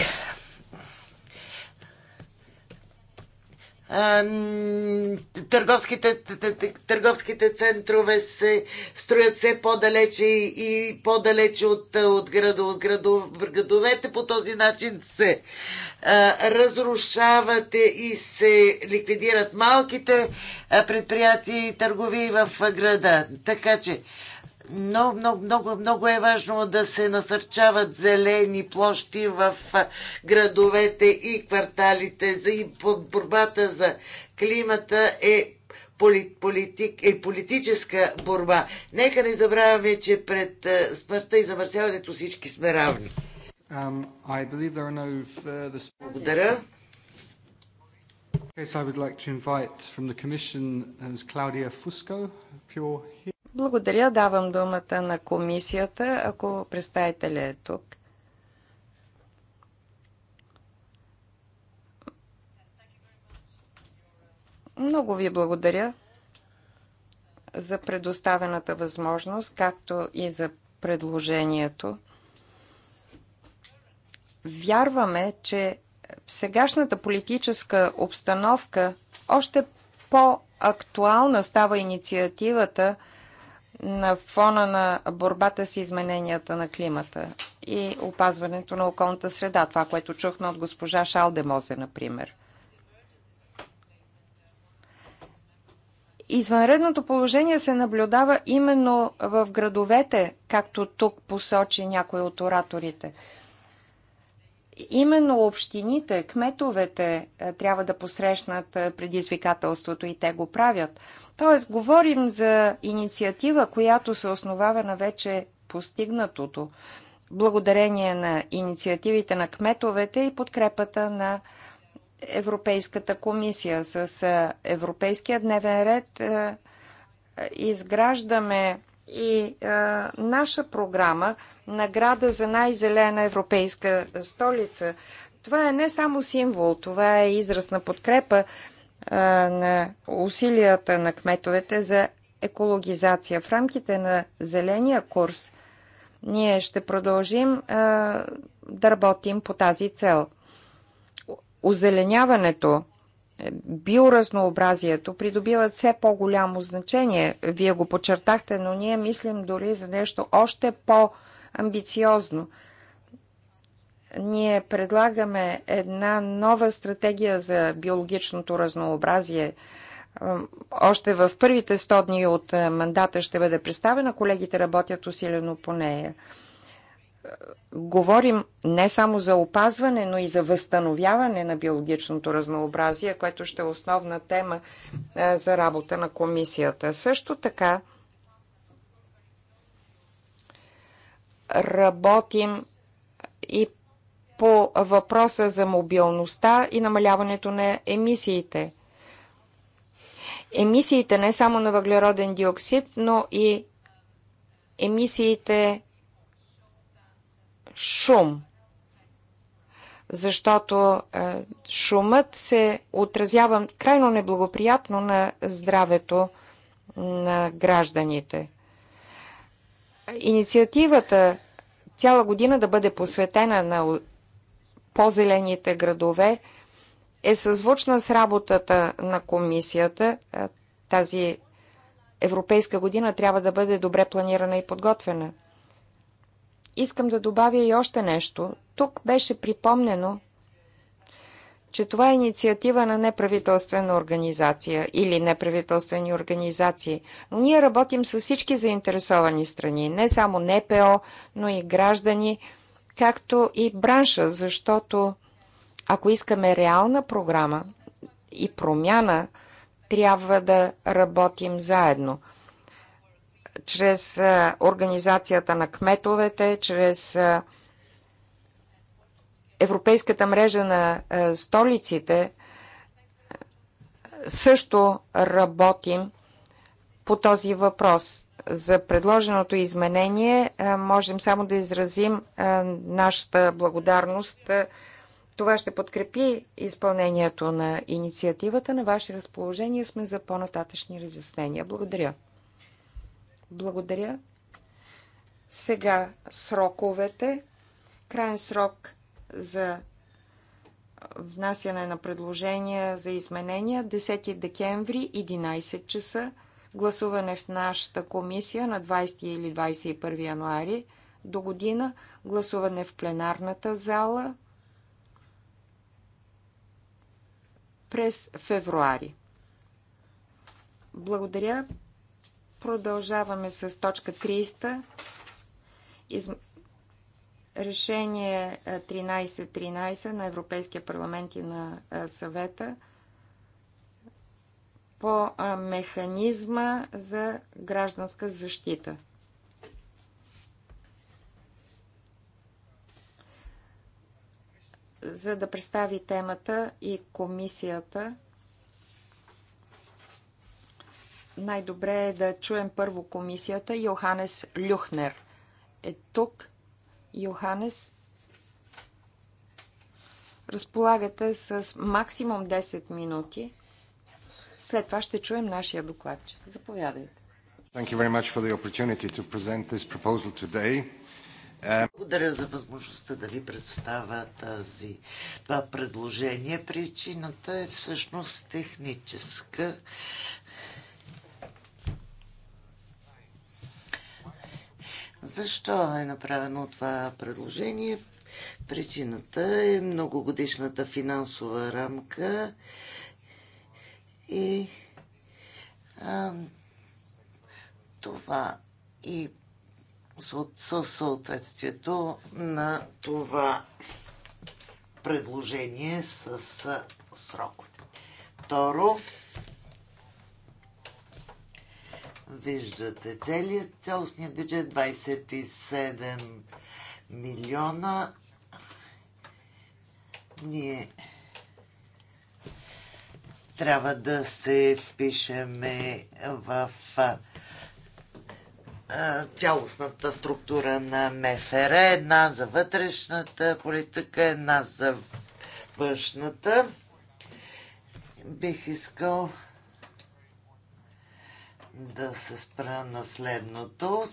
търговските, търговските центрове се строят все по-далече и по-далече от, от, града, от градо, градовете. По този начин се а, разрушават и се ликвидират малките предприятия и търгови в града. Така че много, много, много, много е важно да се насърчават зелени площи в градовете и кварталите. За и борбата за климата е политик, е политическа борба. Нека не забравяме, че пред смъртта и замърсяването всички сме равни. Um, Благодаря. I would like to invite from the Commission as uh, Claudia Fusco, Pure благодаря. Давам думата на комисията, ако представителя е тук. Много ви благодаря за предоставената възможност, както и за предложението. Вярваме, че в сегашната политическа обстановка още по-актуална става инициативата – на фона на борбата с измененията на климата и опазването на околната среда. Това, което чухме от госпожа Шалдемозе, например. Извънредното положение се наблюдава именно в градовете, както тук посочи някой от ораторите. Именно общините, кметовете е, трябва да посрещнат е, предизвикателството и те го правят. Тоест, говорим за инициатива, която се основава на вече постигнатото, благодарение на инициативите на кметовете и подкрепата на Европейската комисия. С Европейския дневен ред изграждаме и наша програма Награда за най-зелена европейска столица. Това е не само символ, това е израз на подкрепа на усилията на кметовете за екологизация. В рамките на зеления курс ние ще продължим да работим по тази цел. Озеленяването, е, биоразнообразието придобиват все по-голямо значение. Вие го подчертахте, но ние мислим дори за нещо още по-амбициозно – ние предлагаме една нова стратегия за биологичното разнообразие. Още в първите 100 дни от е, мандата ще бъде представена. Колегите работят усилено по нея. Е, говорим не само за опазване, но и за възстановяване на биологичното разнообразие, което ще е основна тема е, за работа на комисията. Също така, работим и по въпроса за мобилността и намаляването на емисиите. Емисиите не само на въглероден диоксид, но и емисиите шум, защото е, шумът се отразява крайно неблагоприятно на здравето на гражданите. Инициативата цяла година да бъде посветена на по-зелените градове е съзвучна с работата на комисията. Тази европейска година трябва да бъде добре планирана и подготвена. Искам да добавя и още нещо. Тук беше припомнено, че това е инициатива на неправителствена организация или неправителствени организации. Но ние работим с всички заинтересовани страни, не само НПО, но и граждани – както и бранша, защото ако искаме реална програма и промяна, трябва да работим заедно. Чрез организацията на кметовете, чрез Европейската мрежа на столиците също работим по този въпрос. За предложеното изменение е, можем само да изразим е, нашата благодарност. Е, това ще подкрепи изпълнението на инициативата. На ваше разположение сме за по-нататъчни разяснения. Благодаря. Благодаря. Сега сроковете. Крайен срок за внасяне на предложения за изменения 10 декември 11 часа гласуване в нашата комисия на 20 или 21 януари до година, гласуване в пленарната зала през февруари. Благодаря. Продължаваме с точка 30. Из... Решение 1313 е, на Европейския парламент и на е, съвета – по механизма за гражданска защита. За да представи темата и комисията, най-добре е да чуем първо комисията. Йоханес Люхнер е тук. Йоханес, разполагате с максимум 10 минути след това ще чуем нашия докладчик. Заповядайте. Благодаря за възможността да ви представя тази, това предложение. Причината е всъщност техническа. Защо е направено това предложение? Причината е многогодишната финансова рамка и а, това и със съответствието на това предложение с сроковете. Второ, виждате целият цялостния бюджет 27 милиона. Ние трябва да се впишеме в цялостната структура на МФР, една за вътрешната политика, една за външната. Бих искал да се спра на следното.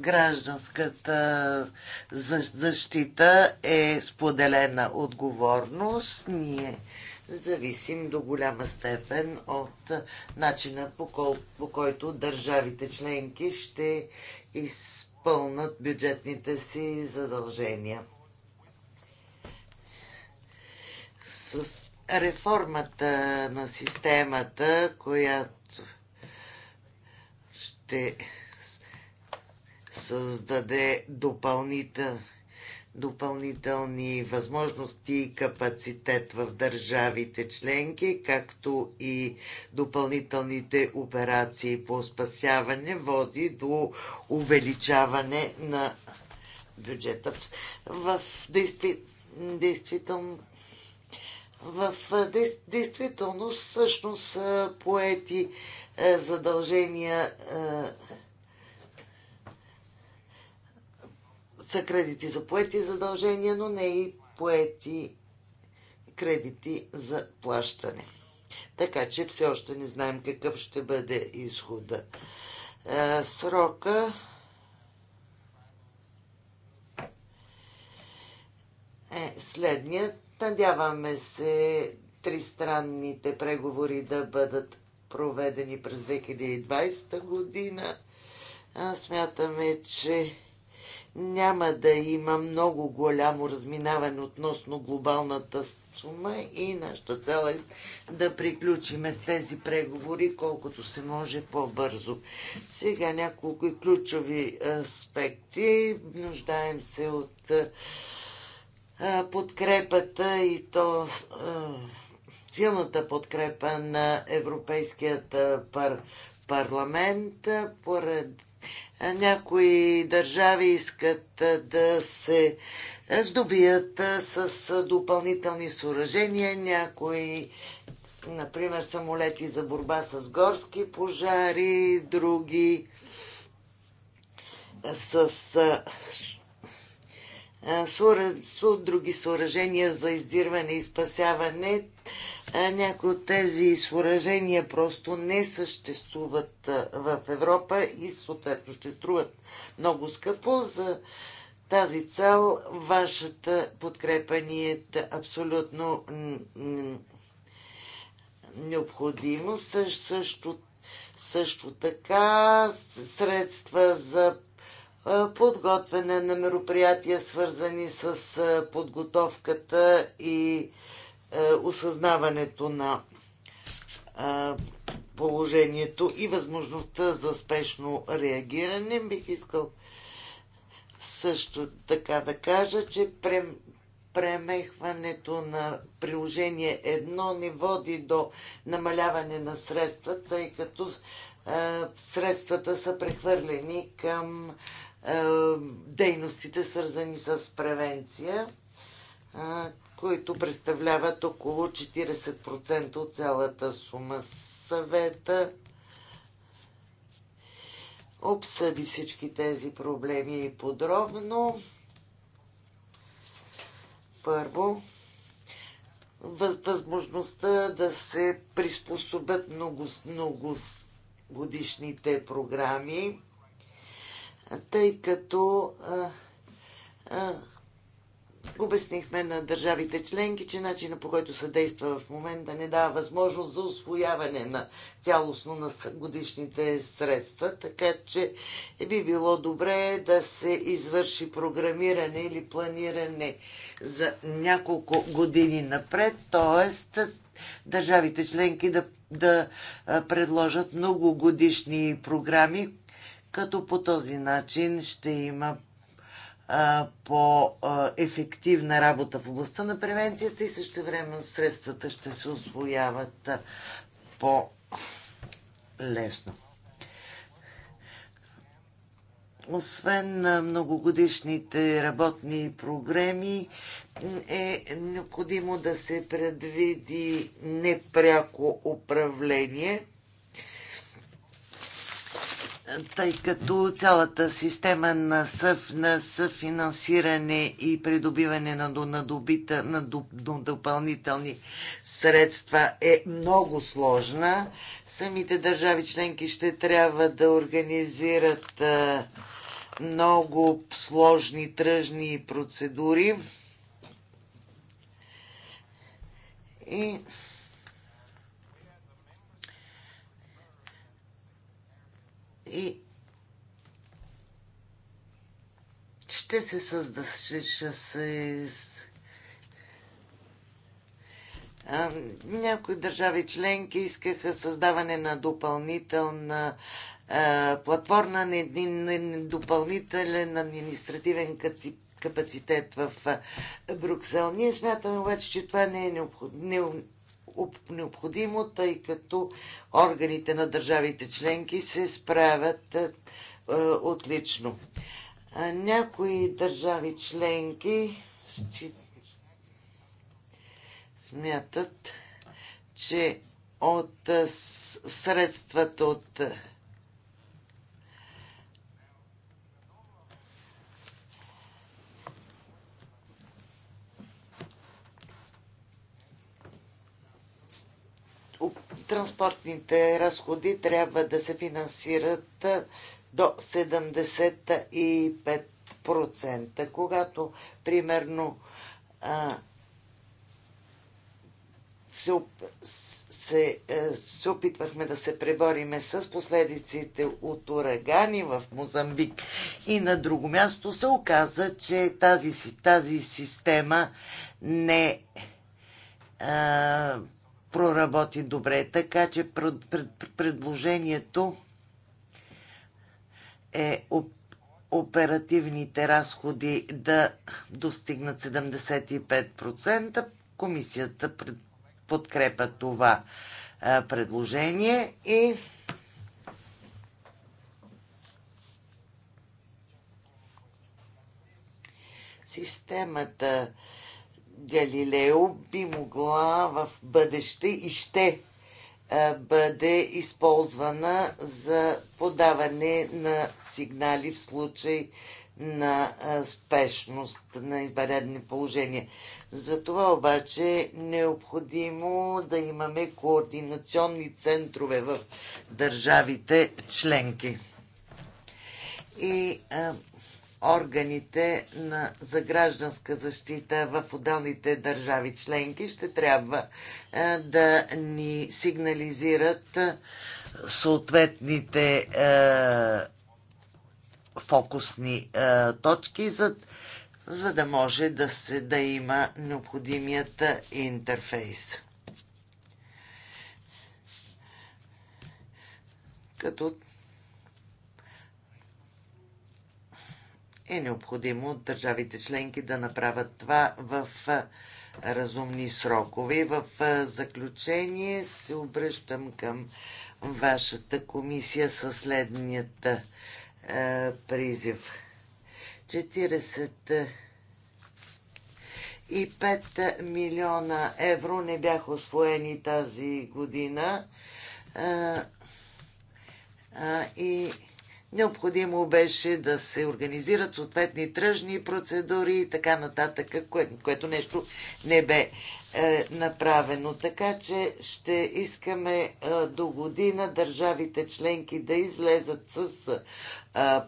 Гражданската защита е споделена отговорност. Ние зависим до голяма степен от начина по, кол, по който държавите членки ще изпълнат бюджетните си задължения. С реформата на системата, която ще създаде допълнителни допълнителни възможности и капацитет в държавите членки, както и допълнителните операции по спасяване, води до увеличаване на бюджета. В действително в действителност всъщност поети задължения са кредити за поети задължения, но не и поети кредити за плащане. Така че все още не знаем какъв ще бъде изхода. Е, срока е следният. Надяваме се тристранните преговори да бъдат проведени през 2020 година. Е, смятаме, че няма да има много голямо разминаване относно глобалната сума и нашата цел е да приключим с тези преговори колкото се може по-бързо. Сега няколко ключови аспекти. Нуждаем се от подкрепата и то силната подкрепа на Европейският парламент поради някои държави искат да се здобият с допълнителни съоръжения, някои, например, самолети за борба с горски пожари, други с други съоръжения за издирване и спасяване някои от тези съоръжения просто не съществуват в Европа и съответно ще струват много скъпо. За тази цел вашата подкрепа ни е абсолютно необходимо. Също, също, също така средства за подготвяне на мероприятия, свързани с подготовката и е, осъзнаването на е, положението и възможността за спешно реагиране. Бих искал също така да кажа, че премехването на приложение едно не води до намаляване на средствата, тъй като е, средствата са прехвърлени към дейностите, свързани с превенция които представляват около 40% от цялата сума. Съвета обсъди всички тези проблеми подробно. Първо, възможността да се приспособят много, много годишните програми, тъй като а, а, Обяснихме на държавите членки, че начина по който се действа в момента не дава възможност за освояване на цялостно на годишните средства, така че би било добре да се извърши програмиране или планиране за няколко години напред, т.е. държавите членки да, да предложат многогодишни програми, като по този начин ще има по-ефективна работа в областта на превенцията и също време средствата ще се освояват по-лесно. Освен на многогодишните работни програми, е необходимо да се предвиди непряко управление – тъй като цялата система на, съф, на съфинансиране и придобиване на, на, добита, на, до, на допълнителни средства е много сложна. Самите държави членки ще трябва да организират а, много сложни тръжни процедури. И И ще се създа, ще, ще се... А, някои държави членки искаха създаване на допълнителна а, платформа, на един допълнителен административен капацитет в Брюксел. Ние смятаме обаче, че това не е необходимо е необходимо, тъй като органите на държавите членки се справят е, отлично. Някои държави членки смятат, че от е, средствата от транспортните разходи трябва да се финансират до 75%. Когато, примерно, се, се, е, се опитвахме да се пребориме с последиците от урагани в Мозамбик и на друго място, се оказа, че тази, тази система не а, проработи добре. Така че пред, пред, предложението е оперативните разходи да достигнат 75%. Комисията пред, това а, предложение и системата Галилео би могла в бъдеще и ще бъде използвана за подаване на сигнали в случай на спешност, на изваредни положения. За това обаче е необходимо да имаме координационни центрове в държавите членки. И органите на, за гражданска защита в отделните държави членки ще трябва е, да ни сигнализират е, съответните е, фокусни е, точки, за, за да може да, се, да има необходимият е, интерфейс. Като е необходимо държавите членки да направят това в разумни срокове. в заключение се обръщам към вашата комисия със следният е, призив. 40 и 5 милиона евро не бяха освоени тази година. Е, е, и Необходимо беше да се организират съответни тръжни процедури и така нататък, кое, което нещо не бе е, направено. Така че ще искаме е, до година държавите членки да излезат с е,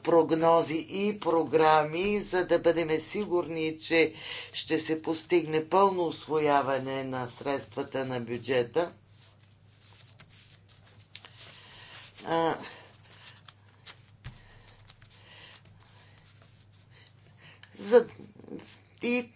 прогнози и програми, за да бъдем сигурни, че ще се постигне пълно освояване на средствата на бюджета. Е, за, и,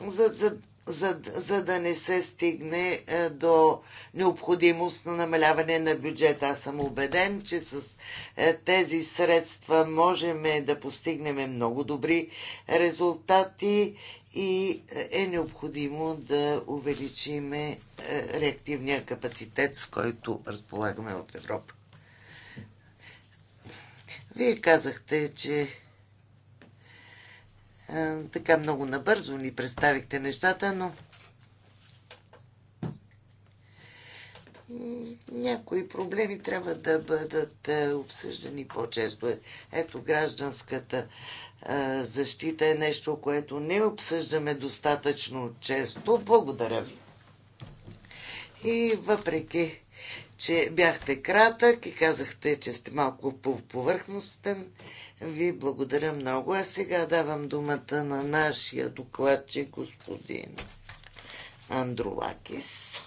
за, за, за, за да не се стигне е, до необходимост на намаляване на бюджета. Аз съм убеден, че с е, тези средства можем да постигнем много добри резултати и е, е необходимо да увеличиме реактивния капацитет, с който разполагаме в Европа. Вие казахте, че е, така много набързо ни представихте нещата, но някои проблеми трябва да бъдат е, обсъждани по-често. Е, ето, гражданската защита е нещо, което не обсъждаме достатъчно често. Благодаря ви. И въпреки че бяхте кратък и казахте, че сте малко повърхностен. Ви благодаря много. А сега давам думата на нашия докладчик, господин Андролакис.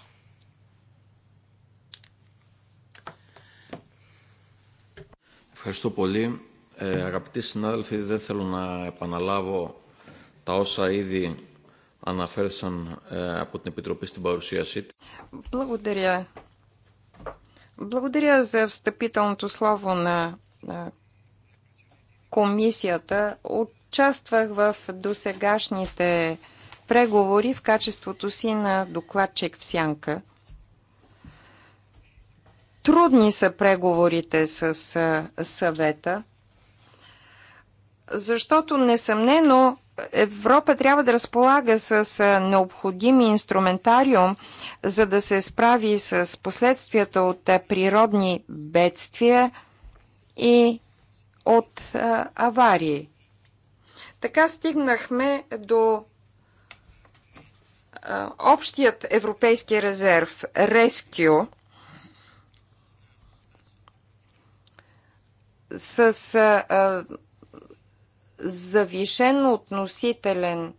Ευχαριστώ πολύ. Ε, αγαπητοί συνάδελφοι, δεν θέλω να επαναλάβω τα όσα ήδη αναφέρθησαν ε, από την Επιτροπή στην παρουσίασή της. Благодаря, благодаря за встъпителното слово на комисията. Участвах в досегашните преговори в качеството си на докладчик в Сянка. Трудни са преговорите с съвета, защото несъмнено Европа трябва да разполага с необходими инструментариум, за да се справи с последствията от природни бедствия и от аварии. Така стигнахме до общият европейски резерв Rescue с завишен относителен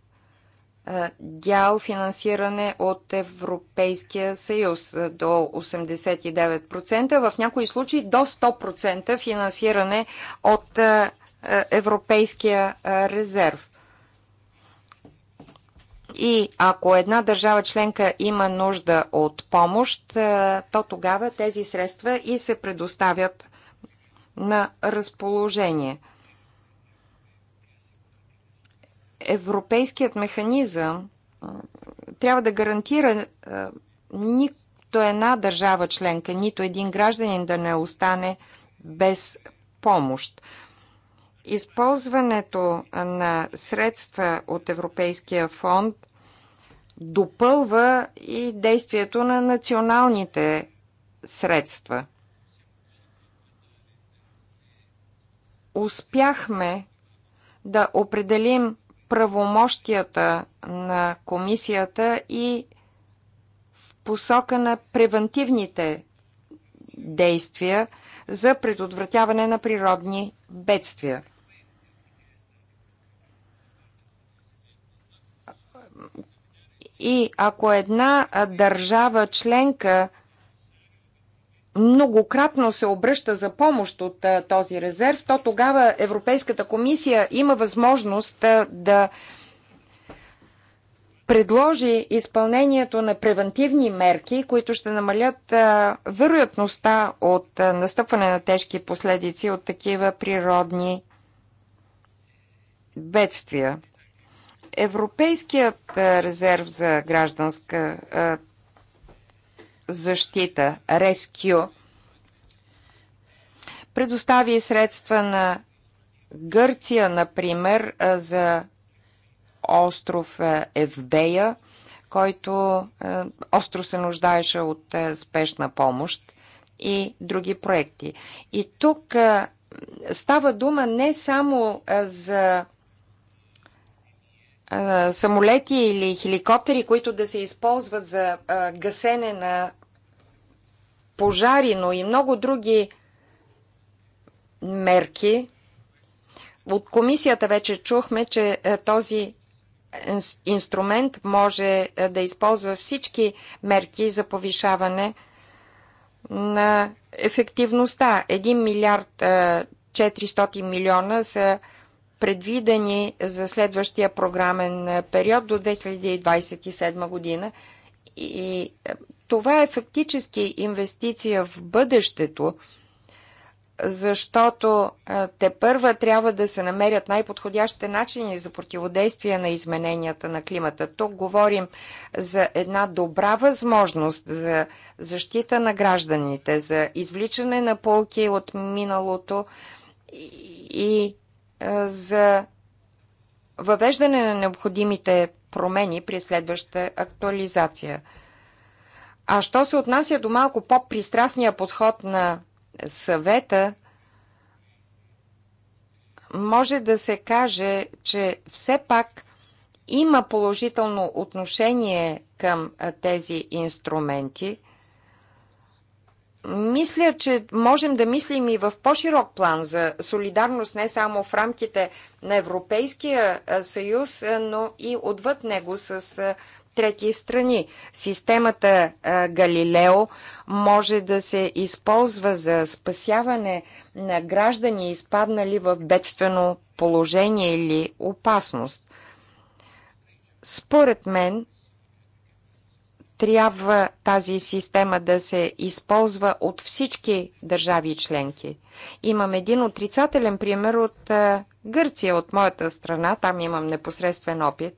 дял финансиране от Европейския съюз до 89%, в някои случаи до 100% финансиране от Европейския резерв. И ако една държава членка има нужда от помощ, то тогава тези средства и се предоставят на разположение – Европейският механизъм трябва да гарантира нито една държава членка, нито един гражданин да не остане без помощ. Използването на средства от Европейския фонд допълва и действието на националните средства. Успяхме да определим правомощията на комисията и в посока на превентивните действия за предотвратяване на природни бедствия. И ако една държава членка многократно се обръща за помощ от а, този резерв, то тогава Европейската комисия има възможност а, да предложи изпълнението на превентивни мерки, които ще намалят а, вероятността от настъпване на тежки последици от такива природни бедствия. Европейският резерв за гражданска защита, Rescue, предостави средства на Гърция, например, за остров Евбея, който остро се нуждаеше от спешна помощ и други проекти. И тук става дума не само за самолети или хеликоптери, които да се използват за гасене на пожари, но и много други мерки. От комисията вече чухме, че този инструмент може да използва всички мерки за повишаване на ефективността. 1 милиард 400 милиона са предвидени за следващия програмен е, период до 2027 година. И е, това е фактически инвестиция в бъдещето, защото е, те първа трябва да се намерят най-подходящите начини за противодействие на измененията на климата. Тук говорим за една добра възможност за защита на гражданите, за извличане на полки от миналото и за въвеждане на необходимите промени при следваща актуализация. А що се отнася до малко по-пристрастния подход на съвета, може да се каже, че все пак има положително отношение към тези инструменти – мисля, че можем да мислим и в по-широк план за солидарност не само в рамките на Европейския съюз, но и отвъд него с трети страни. Системата Галилео може да се използва за спасяване на граждани, изпаднали в бедствено положение или опасност. Според мен, трябва тази система да се използва от всички държави и членки. Имам един отрицателен пример от Гърция, от моята страна. Там имам непосредствен опит.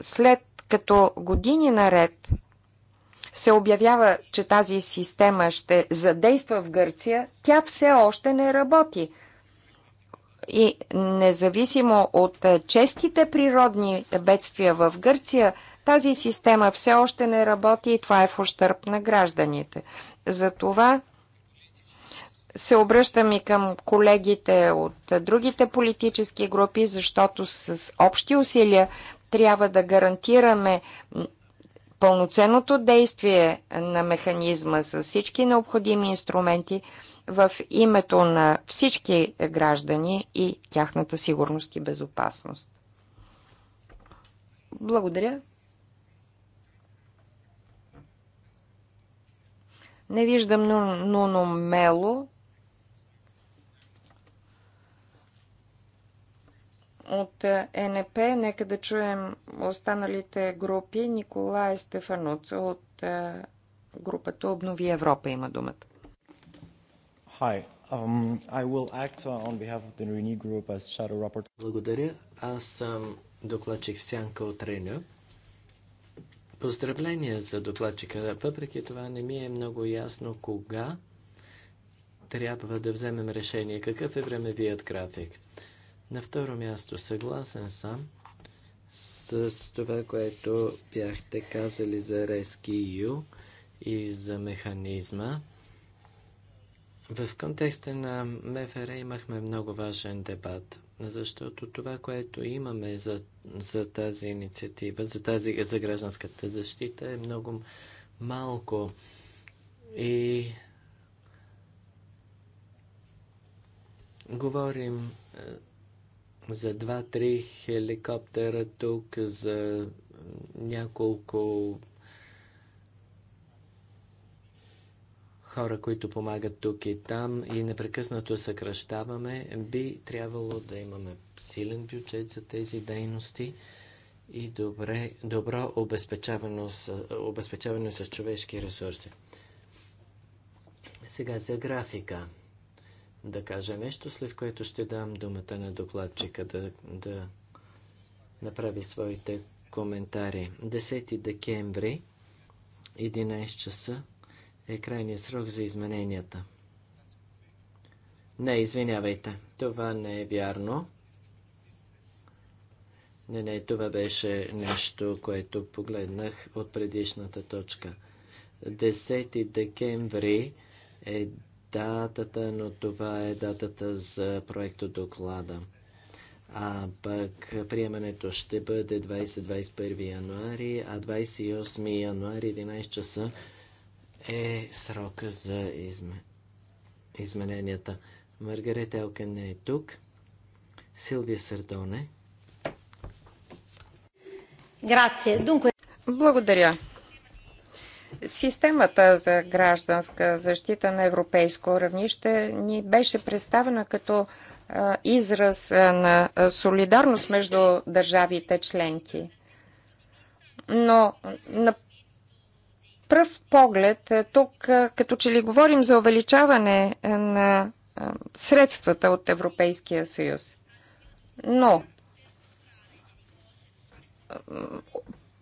След като години наред се обявява, че тази система ще задейства в Гърция, тя все още не работи – и независимо от е, честите природни бедствия в Гърция, тази система все още не работи и това е в ощърп на гражданите. Затова се обръщам и към колегите от другите политически групи, защото с общи усилия трябва да гарантираме пълноценното действие на механизма с всички необходими инструменти – в името на всички граждани и тяхната сигурност и безопасност. Благодаря. Не виждам Нуно Мело. От е, НП нека да чуем останалите групи. Николай Стефануц от е, групата Обнови Европа има думата. Hi. Um, I will act uh, on behalf of the Renew Group as shadow rapporteur. Благодаря. Аз съм докладчик Сянка от Renew. Поздравления за докладчика. Въпреки това не ми е много ясно кога трябва да вземем решение. Какъв е времевият график? На второ място съгласен съм с това, което бяхте казали за Rescue и за механизма. В контекста на МФР имахме много важен дебат, защото това, което имаме за, за тази инициатива, за, тази, за гражданската защита е много малко. И говорим е, за два-три хеликоптера тук, за няколко хора, които помагат тук и там и непрекъснато съкръщаваме, би трябвало да имаме силен бюджет за тези дейности и добре, добро обезпечаване с, обезпечаване с човешки ресурси. Сега за графика да кажа нещо, след което ще дам думата на докладчика да, да направи своите коментари. 10 декември, 11 часа, е крайният срок за измененията. Не, извинявайте, това не е вярно. Не, не, това беше нещо, което погледнах от предишната точка. 10 декември е датата, но това е датата за проекто доклада. А пък приемането ще бъде 20-21 януари, а 28 януари 11 часа е срока за изме... измененията. Маргарет Елкен не е тук. Силвия Сардоне. Благодаря. Системата за гражданска защита на европейско равнище ни беше представена като израз на солидарност между държавите членки. Но на пръв поглед, е, тук е, като че ли говорим за увеличаване е, на средствата от Европейския съюз. Но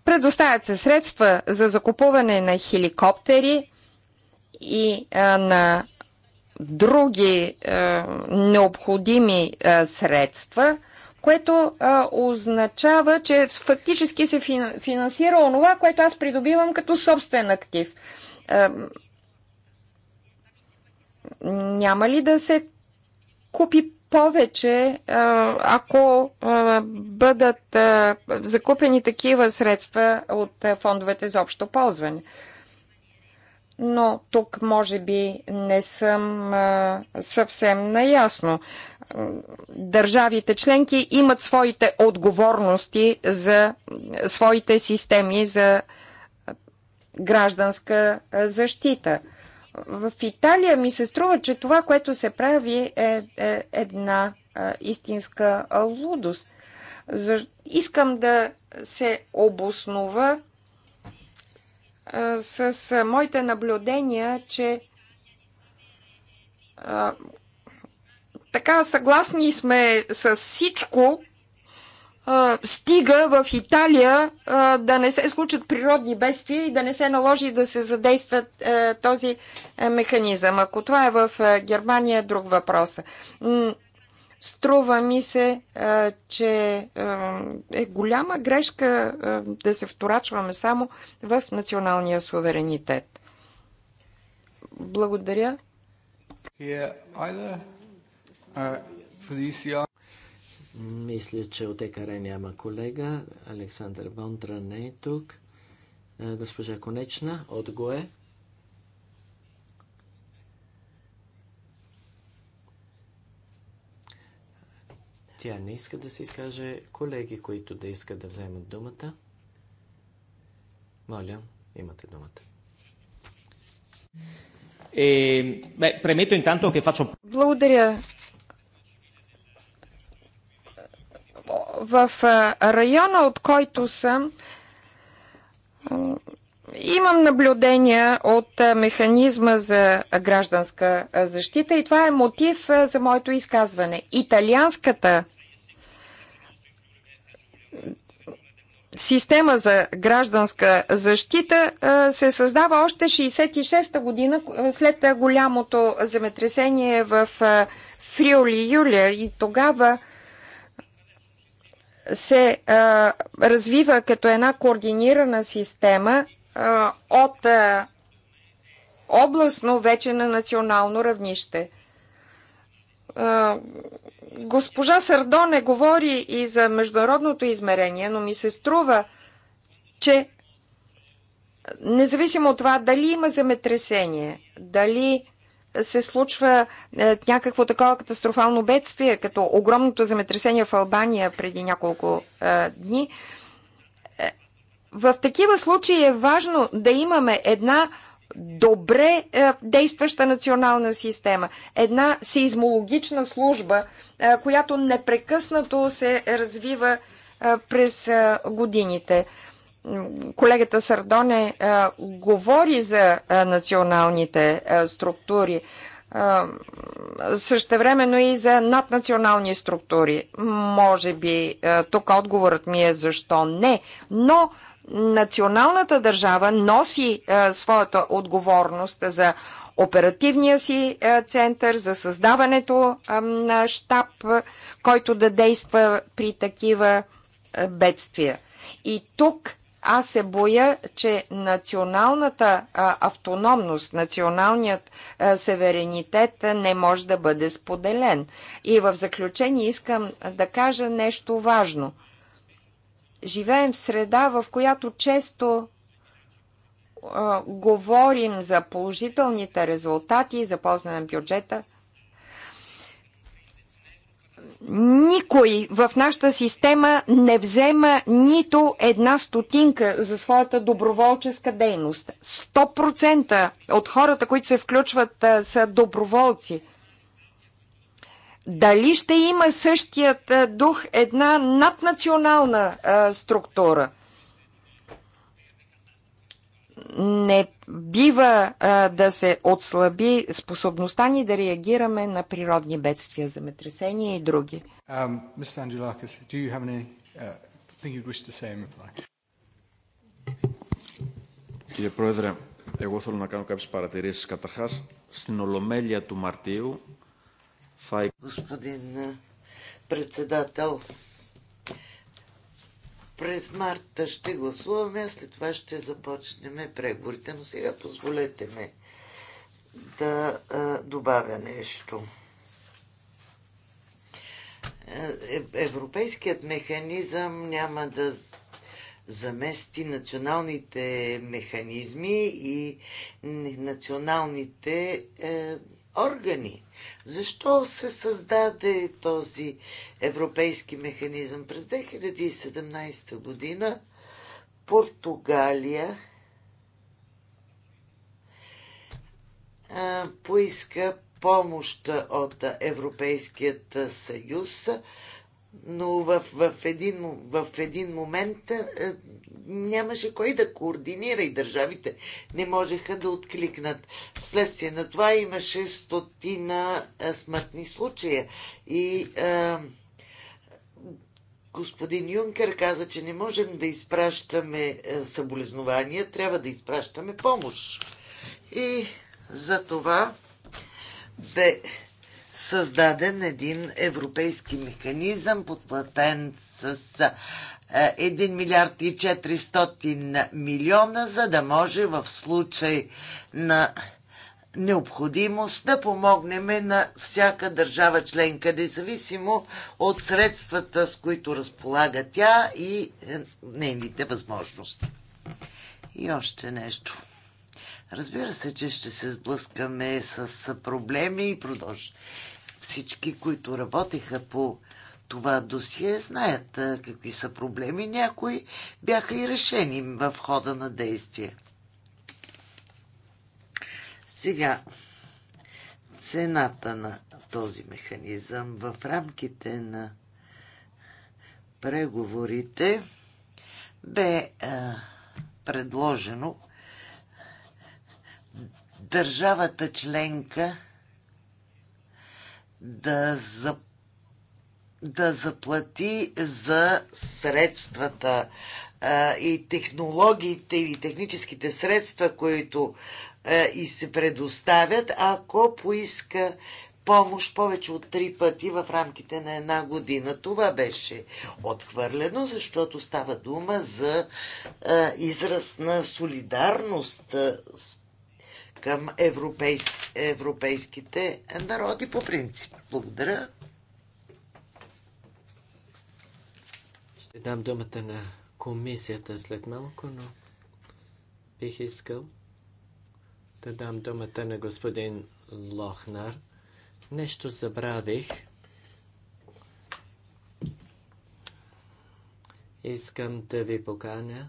предоставят се средства за закупуване на хеликоптери и на други необходими средства – което а, означава, че фактически се финансира онова, което аз придобивам като собствен актив. А, няма ли да се купи повече, ако бъдат закупени такива средства от фондовете за общо ползване? но тук може би не съм съвсем наясно. Държавите членки имат своите отговорности за своите системи за гражданска защита. В Италия ми се струва, че това, което се прави е, е една истинска лудост. Искам да се обоснова с моите наблюдения, че така съгласни сме с всичко, стига в Италия да не се случат природни бедствия и да не се наложи да се задейства този механизъм. Ако това е в Германия, друг въпрос. Струва ми се, че е голяма грешка да се вторачваме само в националния суверенитет. Благодаря. Uh, e Мисля, че от ЕКР няма колега. Александър Вондра не е тук. Госпожа Конечна от ГОЕ. Тя не иска да се изкаже. Колеги, които да искат да вземат думата, моля, имате думата. Е, Благодаря. В района, от който съм, Имам наблюдения от механизма за гражданска защита и това е мотив за моето изказване. Италианската система за гражданска защита се създава още 66-та година след голямото земетресение в Фриоли Юлия и тогава се а, развива като една координирана система от областно вече на национално равнище. Госпожа Сардоне говори и за международното измерение, но ми се струва, че независимо от това дали има земетресение, дали се случва е, някакво такова катастрофално бедствие, като огромното земетресение в Албания преди няколко е, дни, в такива случаи е важно да имаме една добре е, действаща национална система, една сейзмологична служба, е, която непрекъснато се развива е, през е, годините. Колегата Сардоне е, говори за е, националните е, структури, е, същевременно и за наднационални структури. Може би е, тук отговорът ми е защо не, но е, националната държава носи а, е, своята отговорност за оперативния си а, е, център, за създаването а, е, на штаб, който да действа при такива бедствия. И тук аз се боя, че националната автономност, националният суверенитет не може да бъде споделен. И в заключение искам да кажа нещо важно – Живеем в среда, в която често а, говорим за положителните резултати, за ползване на бюджета. Никой в нашата система не взема нито една стотинка за своята доброволческа дейност. 100% от хората, които се включват, са доброволци – дали ще има същият дух една наднационална а, структура? Не бива а, да се отслаби способността ни да реагираме на природни бедствия, земетресения и други. Um, any, uh, Κύριε Πρόεδρε, εγώ θέλω να κάνω κάποιες παρατηρήσεις. Καταρχάς, στην Ολομέλεια του Μαρτίου five... Господин председател, през марта ще гласуваме, а след това ще започнем преговорите. Но сега позволете ме да а, добавя нещо. Е, европейският механизъм няма да замести националните механизми и националните е, органи. Защо се създаде този европейски механизъм? През 2017 година Португалия поиска помощ от Европейският съюз но в, в, един, в един момент а, е, нямаше кой да координира и държавите не можеха да откликнат. Вследствие на това имаше стотина а, е, смъртни случая и а, е, господин Юнкер каза, че не можем да изпращаме а, съболезнования, трябва да изпращаме помощ. И за това бе. Да създаден един европейски механизъм, подплатен с 1 е, милиард и 400 милиона, за да може в случай на необходимост да помогнем на всяка държава членка, независимо от средствата, с които разполага тя и е, нейните възможности. И още нещо. Разбира се, че ще се сблъскаме с проблеми и продължим. Всички, които работеха по това досие, знаят какви са проблеми. Някои бяха и решени в хода на действие. Сега, цената на този механизъм в рамките на преговорите бе а, предложено държавата членка да, за, да заплати за средствата а, и технологиите или техническите средства, които а, и се предоставят, ако поиска помощ повече от три пъти в рамките на една година. Това беше отхвърлено, защото става дума за а, израз на солидарност А, към европейс... европейските народи по принцип. Благодаря. Ще дам думата на комисията след малко, но бих искал да дам думата на господин Лохнар. Нещо забравих. Искам да ви поканя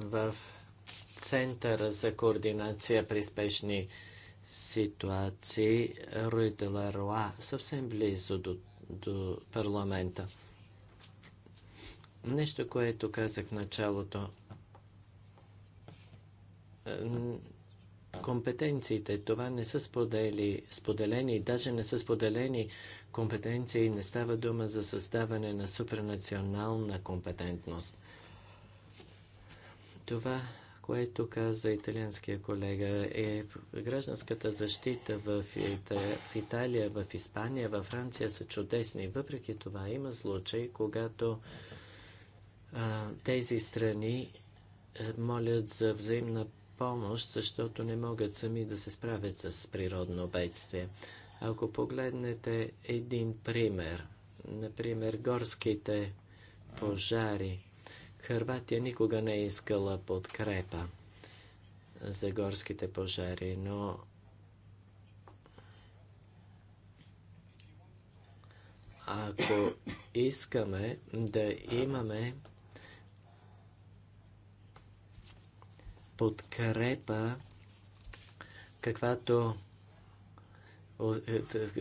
в Центъра за координация при спешни ситуации Руи де съвсем близо до, до парламента. Нещо, което казах в началото. Компетенциите, това не са сподели, споделени, даже не са споделени компетенции, не става дума за създаване на супернационална компетентност. Това, което каза италианския колега, е гражданската защита в, Ита... в Италия, в Испания, във Франция са чудесни. Въпреки това има случаи, когато а, тези страни а, молят за взаимна помощ, защото не могат сами да се справят с природно бедствие. Ако погледнете един пример, например горските пожари – Харватия никога не е искала подкрепа за горските пожари, но ако искаме да имаме подкрепа, каквато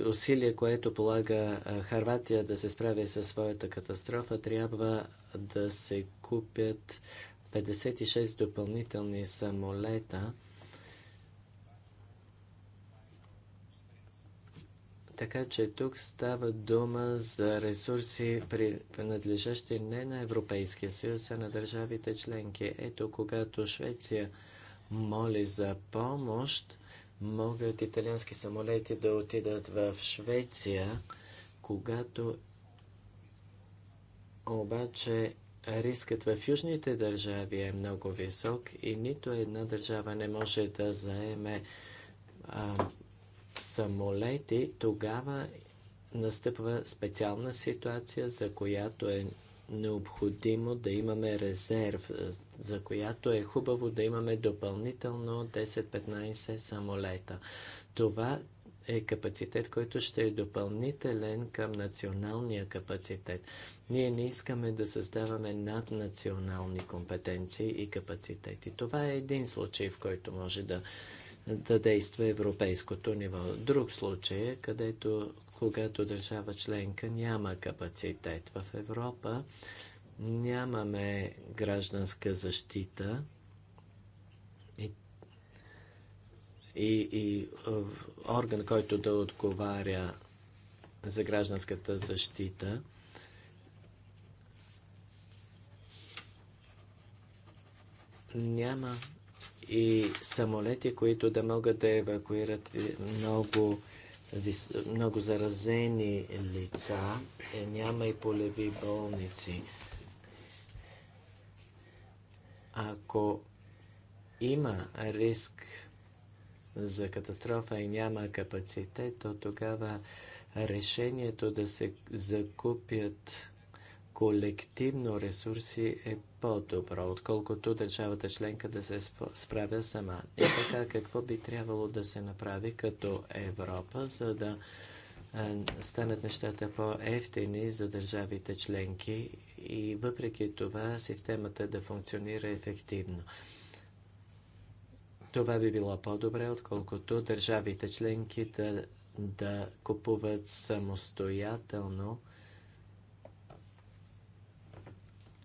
усилие, което полага Харватия да се справи със своята катастрофа, трябва да се купят 56 допълнителни самолета. Така че тук става дума за ресурси, принадлежащи не на Европейския съюз, а на държавите членки. Ето, когато Швеция моли за помощ, могат италиански самолети да отидат в Швеция, когато обаче Рискът в южните държави е много висок и нито една държава не може да заеме а, самолети. Тогава настъпва специална ситуация, за която е необходимо да имаме резерв, за която е хубаво да имаме допълнително 10-15 самолета. Това е капацитет, който ще е допълнителен към националния капацитет. Ние не искаме да създаваме наднационални компетенции и капацитети. Това е един случай, в който може да, да действа европейското ниво. Друг случай е, където когато държава членка няма капацитет в Европа, нямаме гражданска защита, и, и орган, който да отговаря за гражданската защита. Няма и самолети, които да могат да евакуират много, много заразени лица. Е, няма и полеви болници. Ако има риск за катастрофа и няма капацитет, то тогава решението да се закупят колективно ресурси е по-добро, отколкото държавата членка да се справя сама. И така, какво би трябвало да се направи като Европа, за да станат нещата по-ефтини за държавите членки и въпреки това системата да функционира ефективно. Това би било по-добре, отколкото държавите членки да, да купуват самостоятелно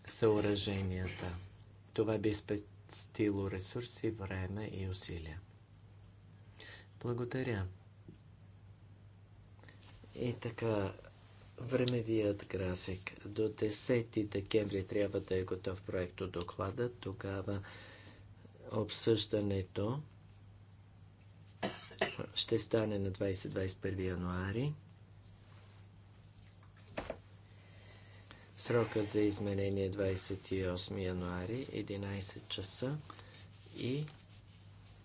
съоръженията. Това би спестило ресурси, време и усилия. Благодаря. И така, времевият график. До 10 декември трябва да е готов проект от доклада. Тогава Обсъждането ще стане на 20-21 януари. Срокът за изменение 28 е януари, 11 часа и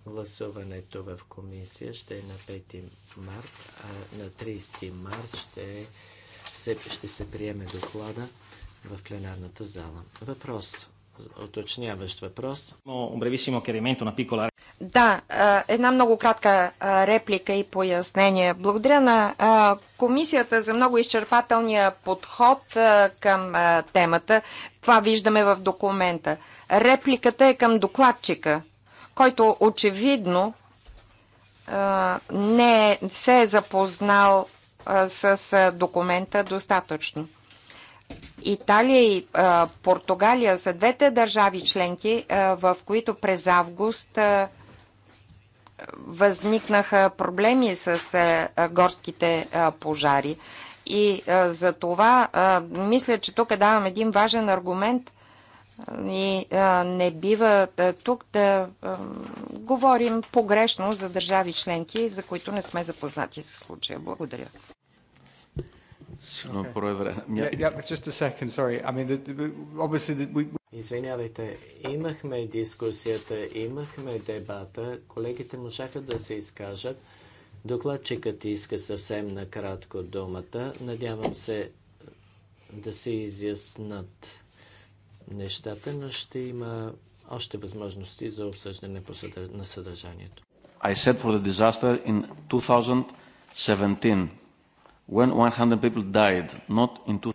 гласуването в комисия ще е на 5 март, а на 30 март ще се, ще се приеме доклада в пленарната зала. Въпрос уточняващ въпрос. Да, една много кратка реплика и пояснение. Благодаря на комисията за много изчерпателния подход към темата. Това виждаме в документа. Репликата е към докладчика, който очевидно е, не се е запознал с документа достатъчно. Италия и а, Португалия са двете държави членки, а, в които през август а, възникнаха проблеми с а, горските а, пожари. И а, за това а, мисля, че тук давам един важен аргумент и а, не бива а, тук да а, говорим погрешно за държави членки, за които не сме запознати с случая. Благодаря. Извинявайте, имахме дискусията, имахме дебата, колегите можаха да се изкажат. Докладчикът иска съвсем накратко думата. Надявам се да се изяснат нещата, но ще има още възможности за обсъждане на съдържанието. I said for the disaster in 2017 when 100 people died, not in two...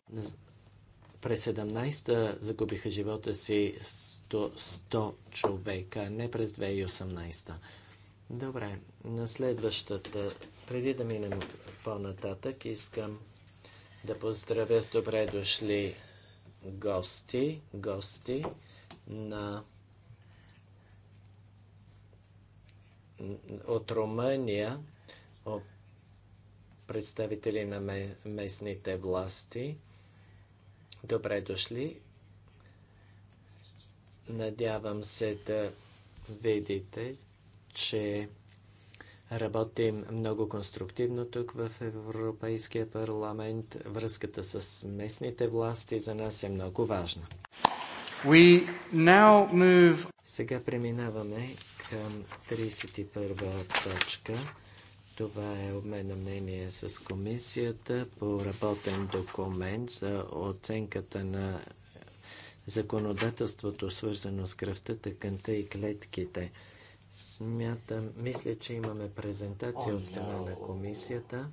През 17-та загубиха живота си 100, 100 човека, не през 2018-та. Добре, на следващата, преди да минем по-нататък, искам да поздравя с добре дошли гости, гости на от Румъния, представители на местните власти. Добре дошли. Надявам се да видите, че Работим много конструктивно тук в Европейския парламент. Връзката с местните власти за нас е много важна. We now move... Сега преминаваме към 31 точка. Това е обмен на мнение с комисията по работен документ за оценката на законодателството, свързано с кръвта, тъканта и клетките. Смятам, мисля, че имаме презентация от страна на комисията.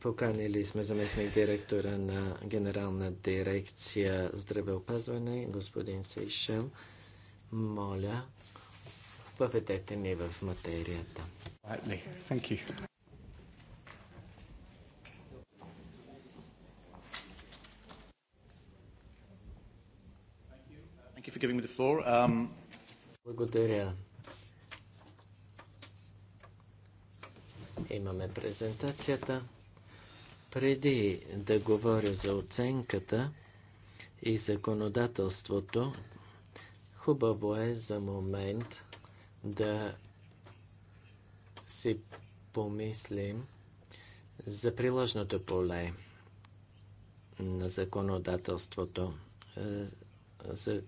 Поканили сме заместник директора на Генерална дирекция здравеопазване, господин Сейшел. Моля въведете ни в материята. Thank you. Um... Благодаря. Имаме презентацията. Преди да говоря за оценката и законодателството, хубаво е за момент да си помислим за приложното поле на законодателството. Е, за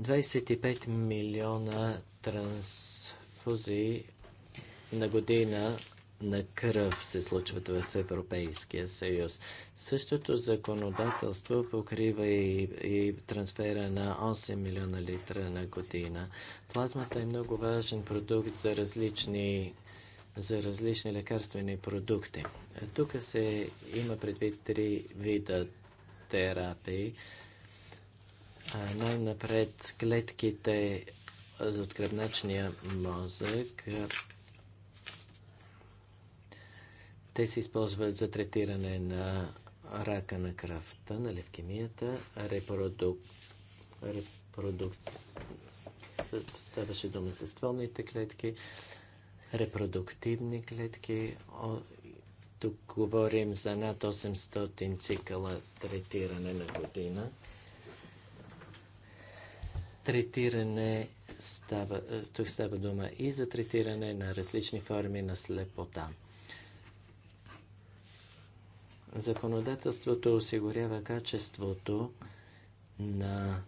25 милиона трансфузии на година на кръв се случват в Европейския съюз. Същото законодателство покрива и, и трансфера на 8 милиона литра на година. Плазмата е много важен продукт за различни за различни лекарствени продукти. Тук се има предвид три вида терапии. най-напред клетките от гръбначния мозък те се използват за третиране на рака на кръвта, на левкемията, репродук... ставаше дума за стволните клетки, репродуктивни клетки. О... Тук говорим за над 800 цикъла третиране на година. Третиране става, тук става дума и за третиране на различни форми на слепота. Законодателството осигурява качеството на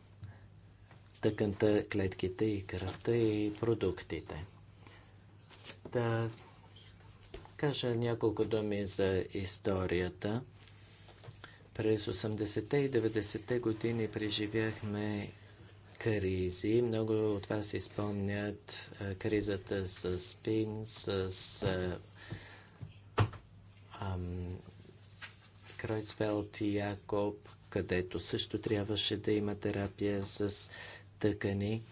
тъканта, клетките и кръвта и продуктите. Да кажа няколко думи за историята. През 80-те и 90-те години преживяхме кризи. Много от вас изпомнят кризата с ПИН, с ам, Кройцфелд и Якоб, където също трябваше да има терапия с тъкани.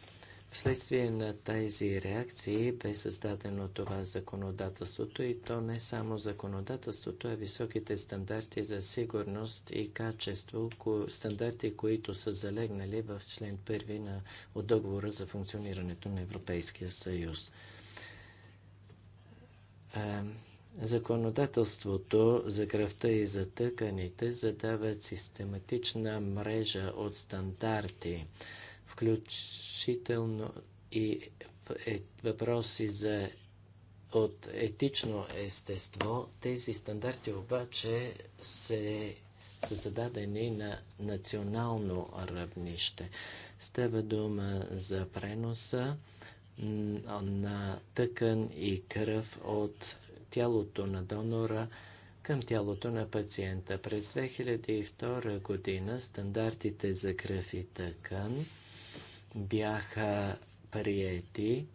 Вследствие на тези реакции бе създадено това законодателството и то не само законодателството, а високите стандарти за сигурност и качество, ко... стандарти, които са залегнали в член 1 на... от договора за функционирането на Европейския съюз. Законодателството за кръвта и за тъканите задават систематична мрежа от стандарти, включително и е, въпроси за от етично естество. Тези стандарти обаче се, са зададени на национално равнище. Става дума за преноса на тъкан и кръв от тялото на донора към тялото на пациента. През 2002 година стандартите за кръв и тъкан бяха приети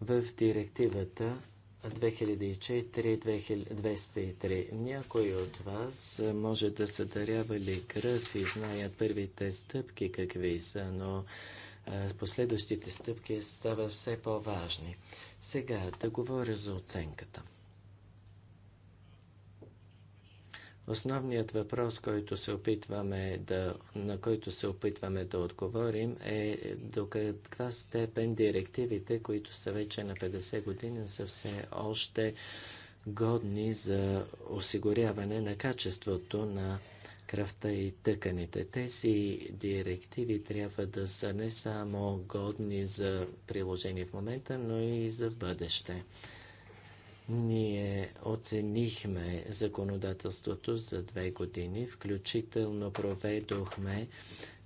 в директивата 2004-203. Някои от вас може да са дарявали кръв и знаят първите стъпки какви са, но последващите стъпки стават все по-важни. Сега да говоря за оценката. Основният въпрос, който се опитваме да, на който се опитваме да отговорим е до каква степен директивите, които са вече на 50 години, са все още годни за осигуряване на качеството на кръвта и тъканите. Тези директиви трябва да са не само годни за приложение в момента, но и за бъдеще. Ние оценихме законодателството за две години, включително проведохме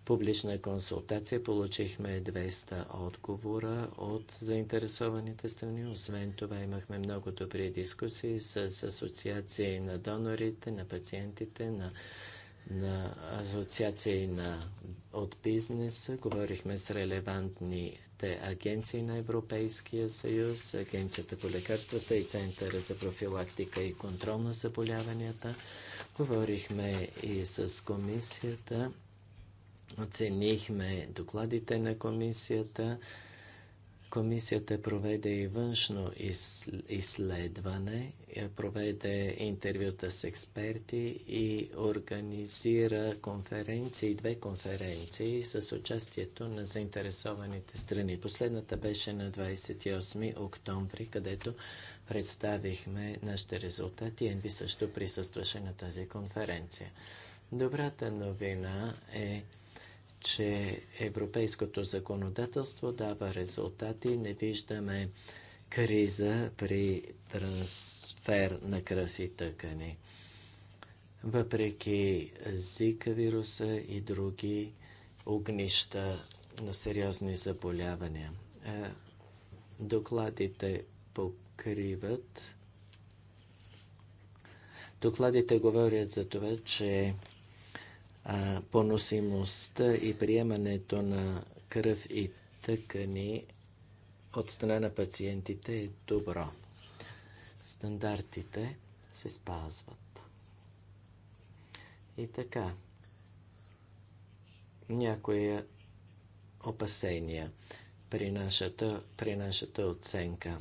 публична консултация, получихме 200 отговора от заинтересованите страни. Освен това имахме много добри дискусии с, асоциации на донорите, на пациентите, на, на асоциации на от бизнеса, говорихме с релевантните агенции на Европейския съюз, Агенцията по лекарствата и Центъра за профилактика и контрол на заболяванията. Говорихме и с комисията, оценихме докладите на комисията, Комисията проведе и външно изследване, е, проведе интервюта с експерти и организира конференции, две конференции с участието на заинтересованите страни. Последната беше на 28 октомври, където представихме нашите резултати. Енви също присъстваше на тази конференция. Добрата новина е, че европейското законодателство дава резултати. Не виждаме криза при трансфер на кръв и тъкани. Въпреки зика вируса и други огнища на сериозни заболявания. Е, докладите покриват. Докладите говорят за това, че а, поносимостта и приемането на кръв и тъкани от страна на пациентите е добро. Стандартите се спазват. И така, някои опасения при нашата, при нашата оценка.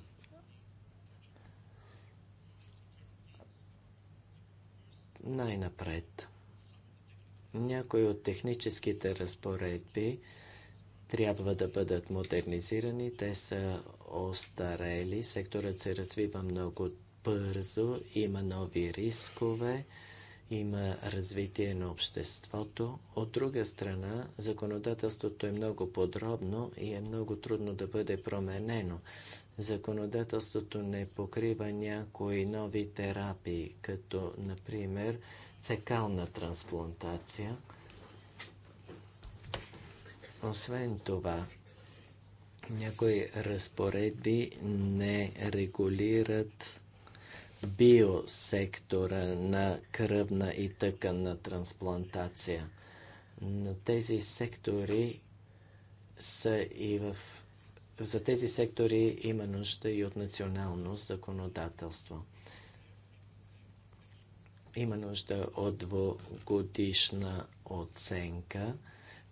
Най-напред – някои от техническите разпоредби трябва да бъдат модернизирани. Те са остарели. Секторът се развива много бързо. Има нови рискове. Има развитие на обществото. От друга страна, законодателството е много подробно и е много трудно да бъде променено. Законодателството не покрива някои нови терапии, като, например, фекална трансплантация. Освен това, някои разпоредби не регулират биосектора на кръвна и тъканна трансплантация. Но тези сектори са и в... За тези сектори има нужда и от национално законодателство има нужда от двогодишна оценка.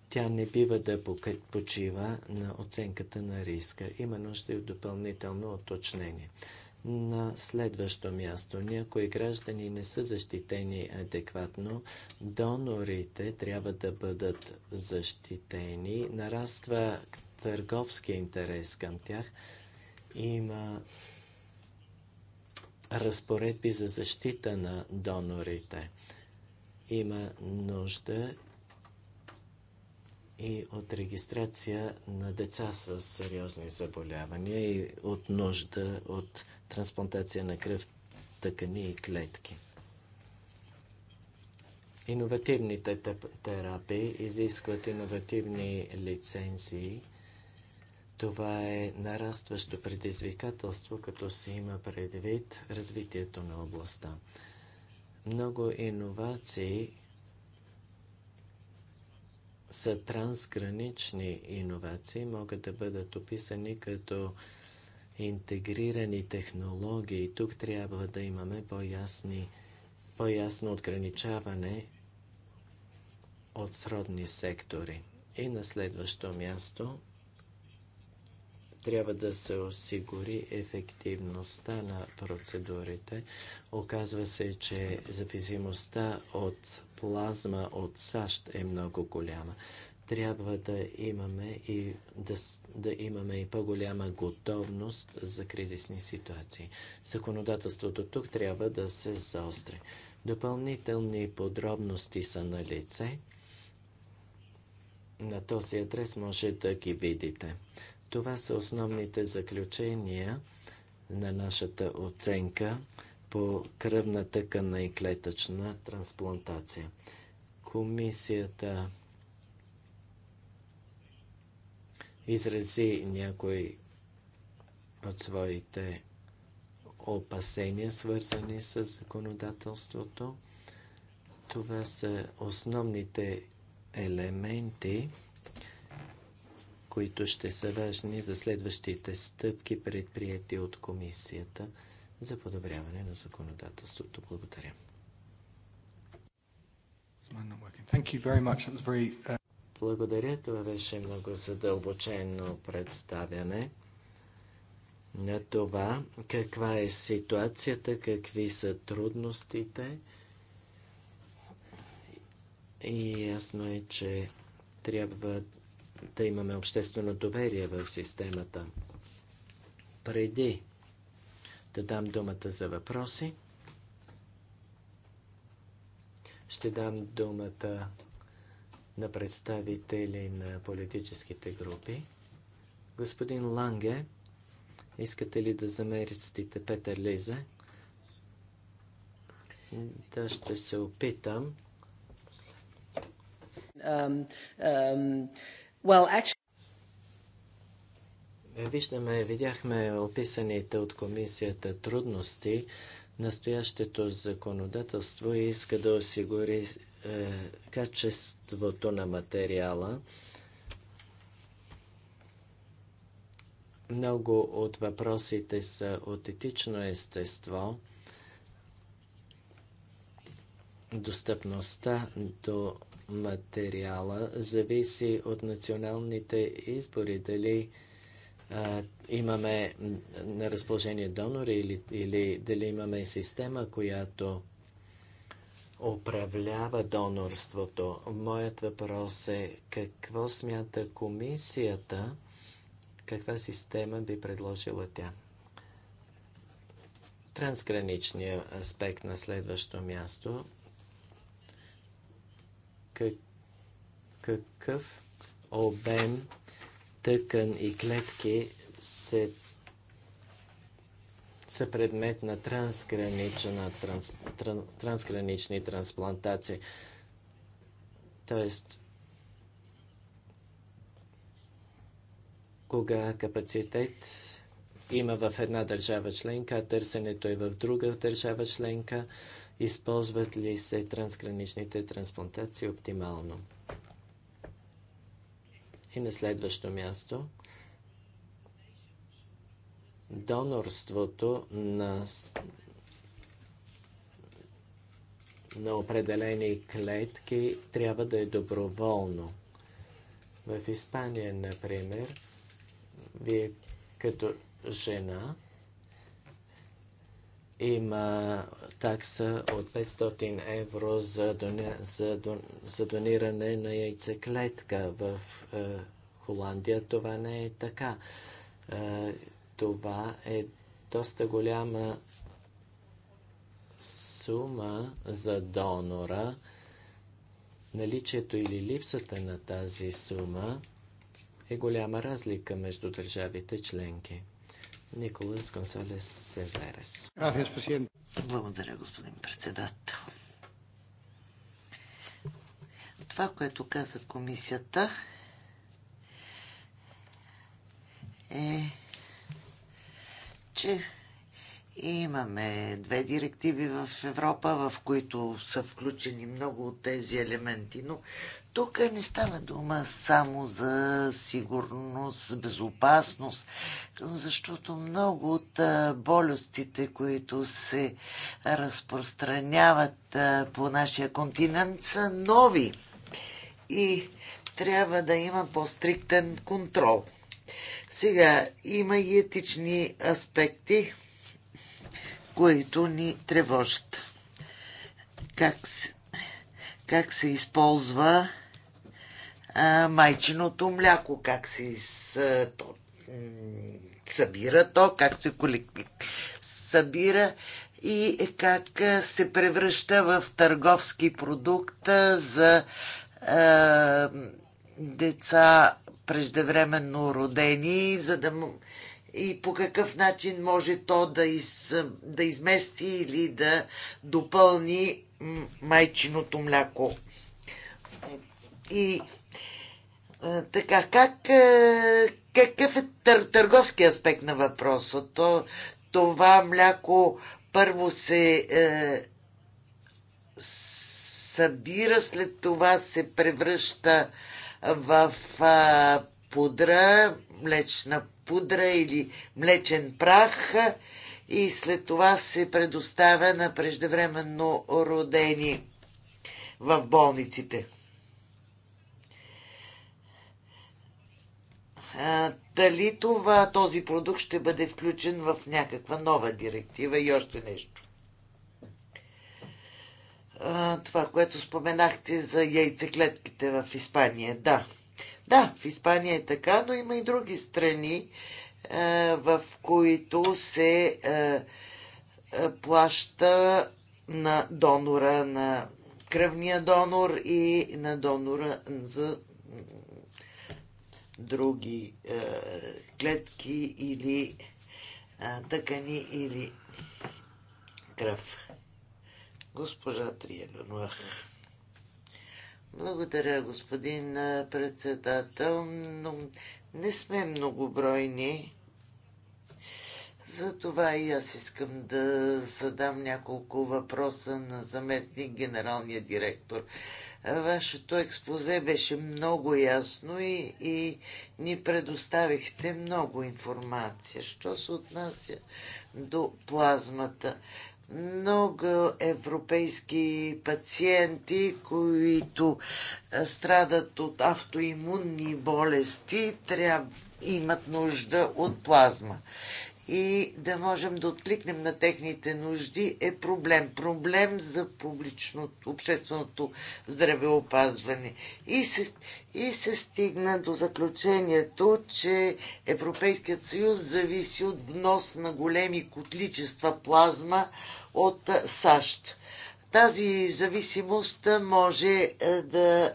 Тя не бива да почива на оценката на риска. Има нужда и от допълнително оточнение. На следващо място, някои граждани не са защитени адекватно, донорите трябва да бъдат защитени, нараства търговски интерес към тях, има разпоредби за защита на донорите. Има нужда и от регистрация на деца с сериозни заболявания и от нужда от трансплантация на кръв, тъкани и клетки. Иновативните терапии изискват иновативни лицензии – това е нарастващо предизвикателство, като се има предвид развитието на областта. Много иновации са трансгранични иновации, могат да бъдат описани като интегрирани технологии. Тук трябва да имаме по-ясни, по-ясно отграничаване от сродни сектори. И на следващо място – трябва да се осигури ефективността на процедурите. Оказва се, че зависимостта от плазма от САЩ е много голяма. Трябва да имаме и, да, да имаме и по-голяма готовност за кризисни ситуации. Законодателството тук трябва да се заостри. Допълнителни подробности са на лице. На този адрес може да ги видите. Това са основните заключения на нашата оценка по кръвна тъкана и клетъчна трансплантация. Комисията изрази някои от своите опасения, свързани с законодателството. Това са основните елементи които ще са важни за следващите стъпки, предприяти от комисията за подобряване на законодателството. Благодаря. Uh, Благодаря, това беше много задълбочено представяне на това каква е ситуацията, какви са трудностите. И ясно е, че трябва да имаме обществено доверие в системата. Преди да дам думата за въпроси, ще дам думата на представители на политическите групи. Господин Ланге, искате ли да замерите Петър Лизе? Да, ще се опитам. Um, um, Well, actually... Виждаме, видяхме описаните от комисията трудности. Настоящето законодателство иска да осигури е, качеството на материала. Много от въпросите са от етично естество. Достъпността до материала зависи от националните избори. Дали а, имаме на разположение донори или, или дали имаме система, която управлява донорството. Моят въпрос е какво смята комисията, каква система би предложила тя? Трансграничният аспект на следващо място какъв обем тъкан и клетки се, са предмет на транс, тран, трансгранични трансплантации. Тоест, кога капацитет има в една държава членка, а търсенето е в друга държава членка, Използват ли се трансграничните трансплантации оптимално? И на следващо място, донорството на, на определени клетки трябва да е доброволно. В Испания, например, вие като жена има такса от 500 евро за, дони... за, дон... за дониране на яйцеклетка. В е, Холандия това не е така. Е, това е доста голяма сума за донора. Наличието или липсата на тази сума е голяма разлика между държавите членки. Николас Гонсалес Серзарес. Благодаря, господин председател. Това, което каза комисията, е, че Имаме две директиви в Европа, в които са включени много от тези елементи, но тук не става дума само за сигурност, безопасност, защото много от болестите, които се разпространяват по нашия континент, са нови и трябва да има по-стриктен контрол. Сега има и етични аспекти които ни тревожат. Как се, как се използва а, майчиното мляко, как се из, а, то, събира то, как се колекти, събира и как се превръща в търговски продукт за а, деца преждевременно родени, за да и по какъв начин може то да, из, да измести или да допълни майчиното мляко. И така, как, какъв е тър, търговски аспект на въпроса? То, това мляко първо се а, е, събира, след това се превръща в а, пудра, млечна пудра или млечен прах и след това се предоставя на преждевременно родени в болниците. А, дали това, този продукт ще бъде включен в някаква нова директива и още нещо? А, това, което споменахте за яйцеклетките в Испания. Да, да, в Испания е така, но има и други страни, е, в които се е, е, плаща на донора, на кръвния донор и на донора за други клетки или тъкани или кръв. Госпожа Триелюнуах. Благодаря, господин председател. Но не сме многобройни. Затова и аз искам да задам няколко въпроса на заместник генералния директор. Вашето експозе беше много ясно и, и ни предоставихте много информация. Що се отнася до плазмата? много европейски пациенти, които е, страдат от автоимунни болести, трябва, имат нужда от плазма. И да можем да откликнем на техните нужди е проблем. Проблем за публичното, общественото здравеопазване. И се, и се стигна до заключението, че Европейският съюз зависи от внос на големи количества плазма от САЩ. Тази зависимост може да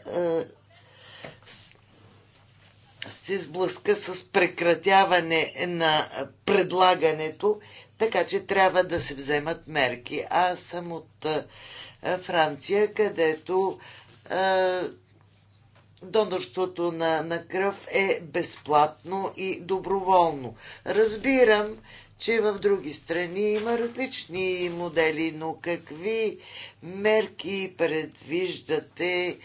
се сблъска с прекратяване на предлагането, така че трябва да се вземат мерки. Аз съм от Франция, където донорството на, на кръв е безплатно и доброволно. Разбирам, че в други страни има различни модели, но какви мерки предвиждате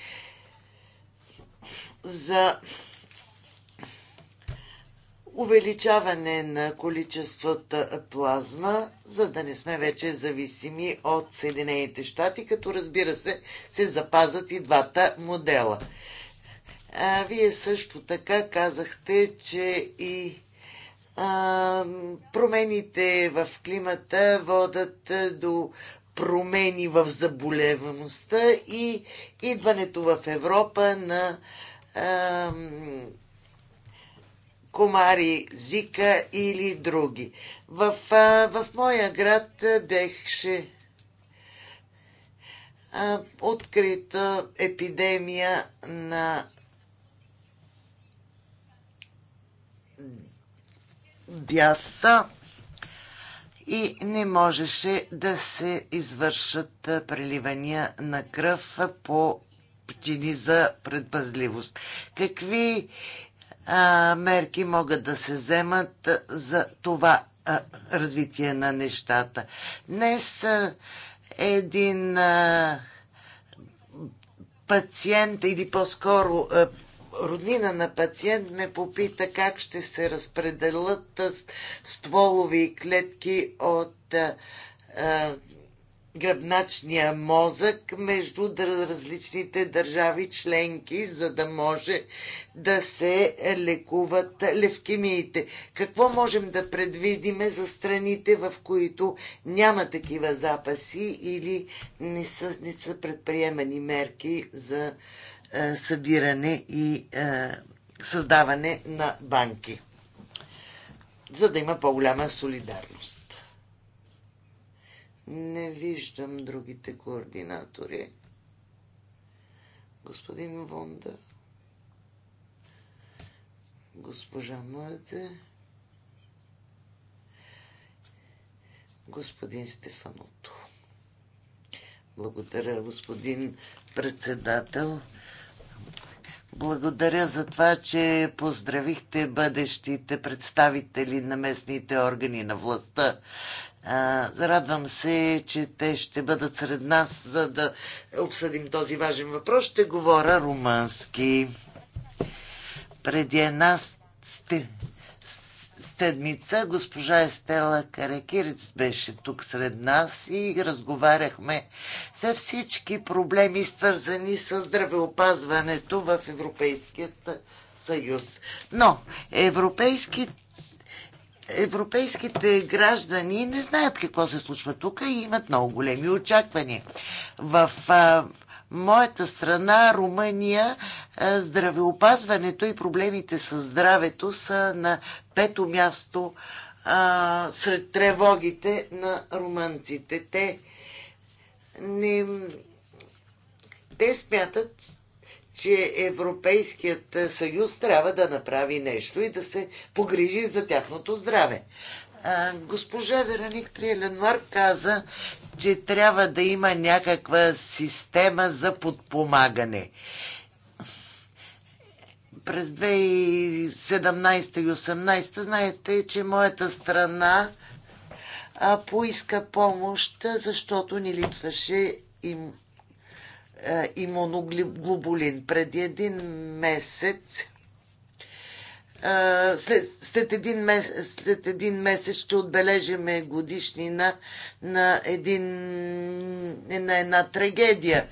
за увеличаване на количествата плазма, за да не сме вече зависими от Съединените щати, като разбира се, се запазат и двата модела. А, вие също така казахте, че и промените в климата водат до промени в заболеваността и идването в Европа на а, комари, зика или други. В, а, в моя град беше открита епидемия на бяса и не можеше да се извършат преливания на кръв по птини за предпазливост. Какви а, мерки могат да се вземат за това а, развитие на нещата? Днес а, един а, пациент или по-скоро роднина на пациент ме попита как ще се разпределят стволови клетки от гръбначния мозък между различните държави членки, за да може да се лекуват левкемиите. Какво можем да предвидиме за страните, в които няма такива запаси или не са, не са предприемани мерки за е, събиране и е, създаване на банки, за да има по-голяма солидарност. Не виждам другите координатори. Господин Вонда. Госпожа Младе Господин Стефаното. Благодаря, господин председател. Благодаря за това, че поздравихте бъдещите представители на местните органи на властта. Зарадвам се, че те ще бъдат сред нас, за да обсъдим този важен въпрос. Ще говоря румънски. Преди една сте, седмица госпожа Естела Каракирец беше тук сред нас и разговаряхме за всички проблеми, свързани с здравеопазването в Европейският съюз. Но европейските европейските граждани не знаят какво се случва тук и имат много големи очаквания. В а, моята страна, Румъния, е, здравеопазването и проблемите с здравето са на пето място а, е, сред тревогите на румънците. Те, не, те смятат, че Европейският съюз трябва да направи нещо и да се погрижи за тяхното здраве. Е, госпожа Вероник Триеленуар каза, че трябва да има някаква система за подпомагане. През 2017 и 2018, знаете, че моята страна а, поиска помощ, защото ни липсваше им, а, имуноглобулин. Преди един месец след, след, един месец, след един месец ще отбележиме годишнина на, един, на една трагедия.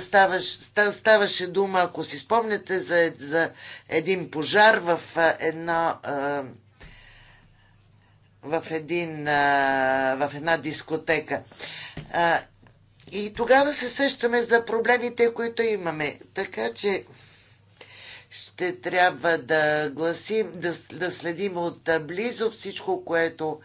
Ставаш, ставаше дума, ако си спомняте, за, за един пожар в една в, един, в една дискотека. И тогава се сещаме за проблемите, които имаме. Така че ще трябва да гласим, да, да следим от близо всичко, което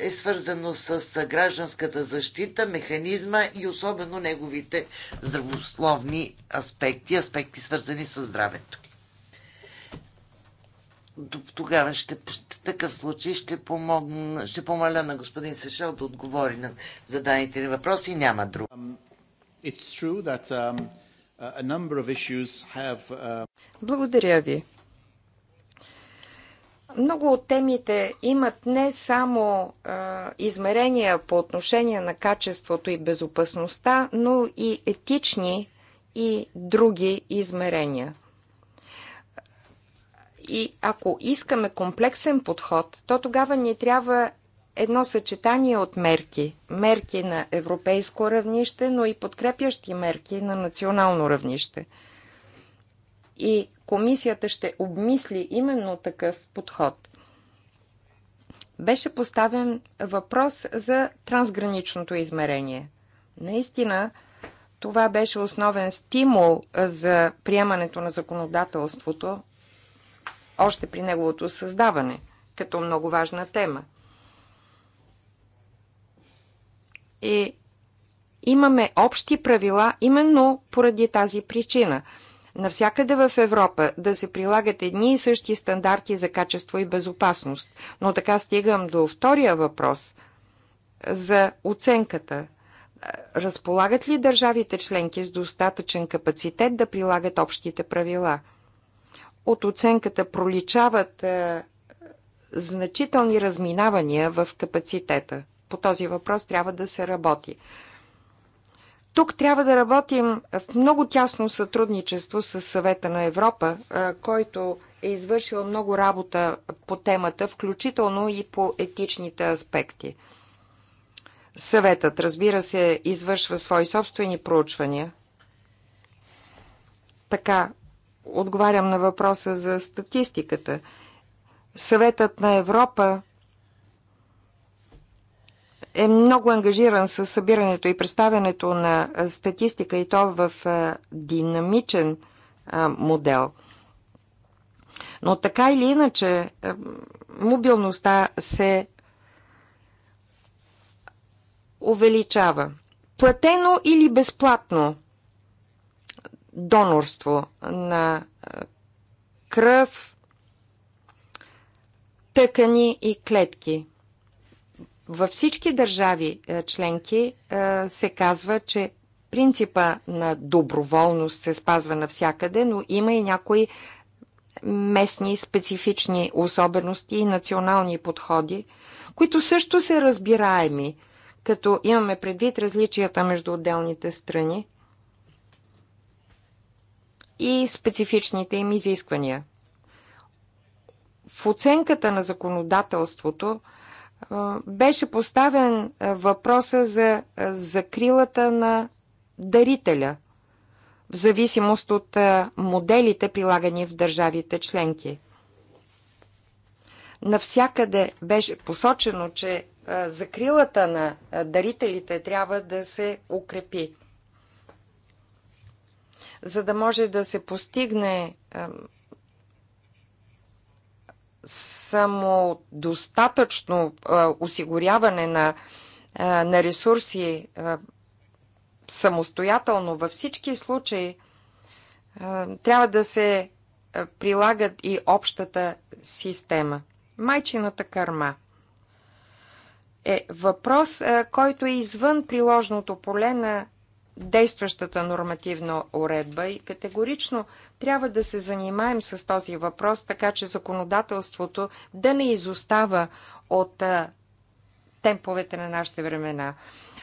е свързано с гражданската защита, механизма и особено неговите здравословни аспекти, аспекти свързани с здравето. До тогава ще, ще такъв случай ще, помогна, ще помоля на господин Сешел да отговори на зададените ни въпроси. Няма друг. Um, um Uh, Благодаря ви. Много от темите имат не само а, измерения по отношение на качеството и безопасността, но и етични и други измерения. И ако искаме комплексен подход, то тогава ни трябва едно съчетание от мерки. Мерки на европейско равнище, но и подкрепящи мерки на национално равнище. И комисията ще обмисли именно такъв подход. Беше поставен въпрос за трансграничното измерение. Наистина, това беше основен стимул за приемането на законодателството още при неговото създаване, като много важна тема – е, имаме общи правила именно поради тази причина. Навсякъде в Европа да се прилагат едни и същи стандарти за качество и безопасност. Но така стигам до втория въпрос за оценката. Разполагат ли държавите членки с достатъчен капацитет да прилагат общите правила? От оценката проличават е, значителни разминавания в капацитета по този въпрос трябва да се работи. Тук трябва да работим в много тясно сътрудничество с съвета на Европа, който е извършил много работа по темата, включително и по етичните аспекти. Съветът, разбира се, извършва свои собствени проучвания. Така, отговарям на въпроса за статистиката. Съветът на Европа е много ангажиран с събирането и представянето на статистика и то в динамичен модел. Но така или иначе, мобилността се увеличава. Платено или безплатно донорство на кръв, тъкани и клетки – във всички държави е, членки е, се казва, че принципа на доброволност се спазва навсякъде, но има и някои местни специфични особености и национални подходи, които също са разбираеми, като имаме предвид различията между отделните страни и специфичните им изисквания. В оценката на законодателството беше поставен въпроса за закрилата на дарителя в зависимост от моделите, прилагани в държавите членки. Навсякъде беше посочено, че закрилата на дарителите трябва да се укрепи, за да може да се постигне само достатъчно осигуряване на, на ресурси самостоятелно във всички случаи трябва да се прилагат и общата система. Майчината кърма е въпрос, който е извън приложното поле на действащата нормативна уредба и категорично трябва да се занимаем с този въпрос, така че законодателството да не изостава от темповете на нашите времена.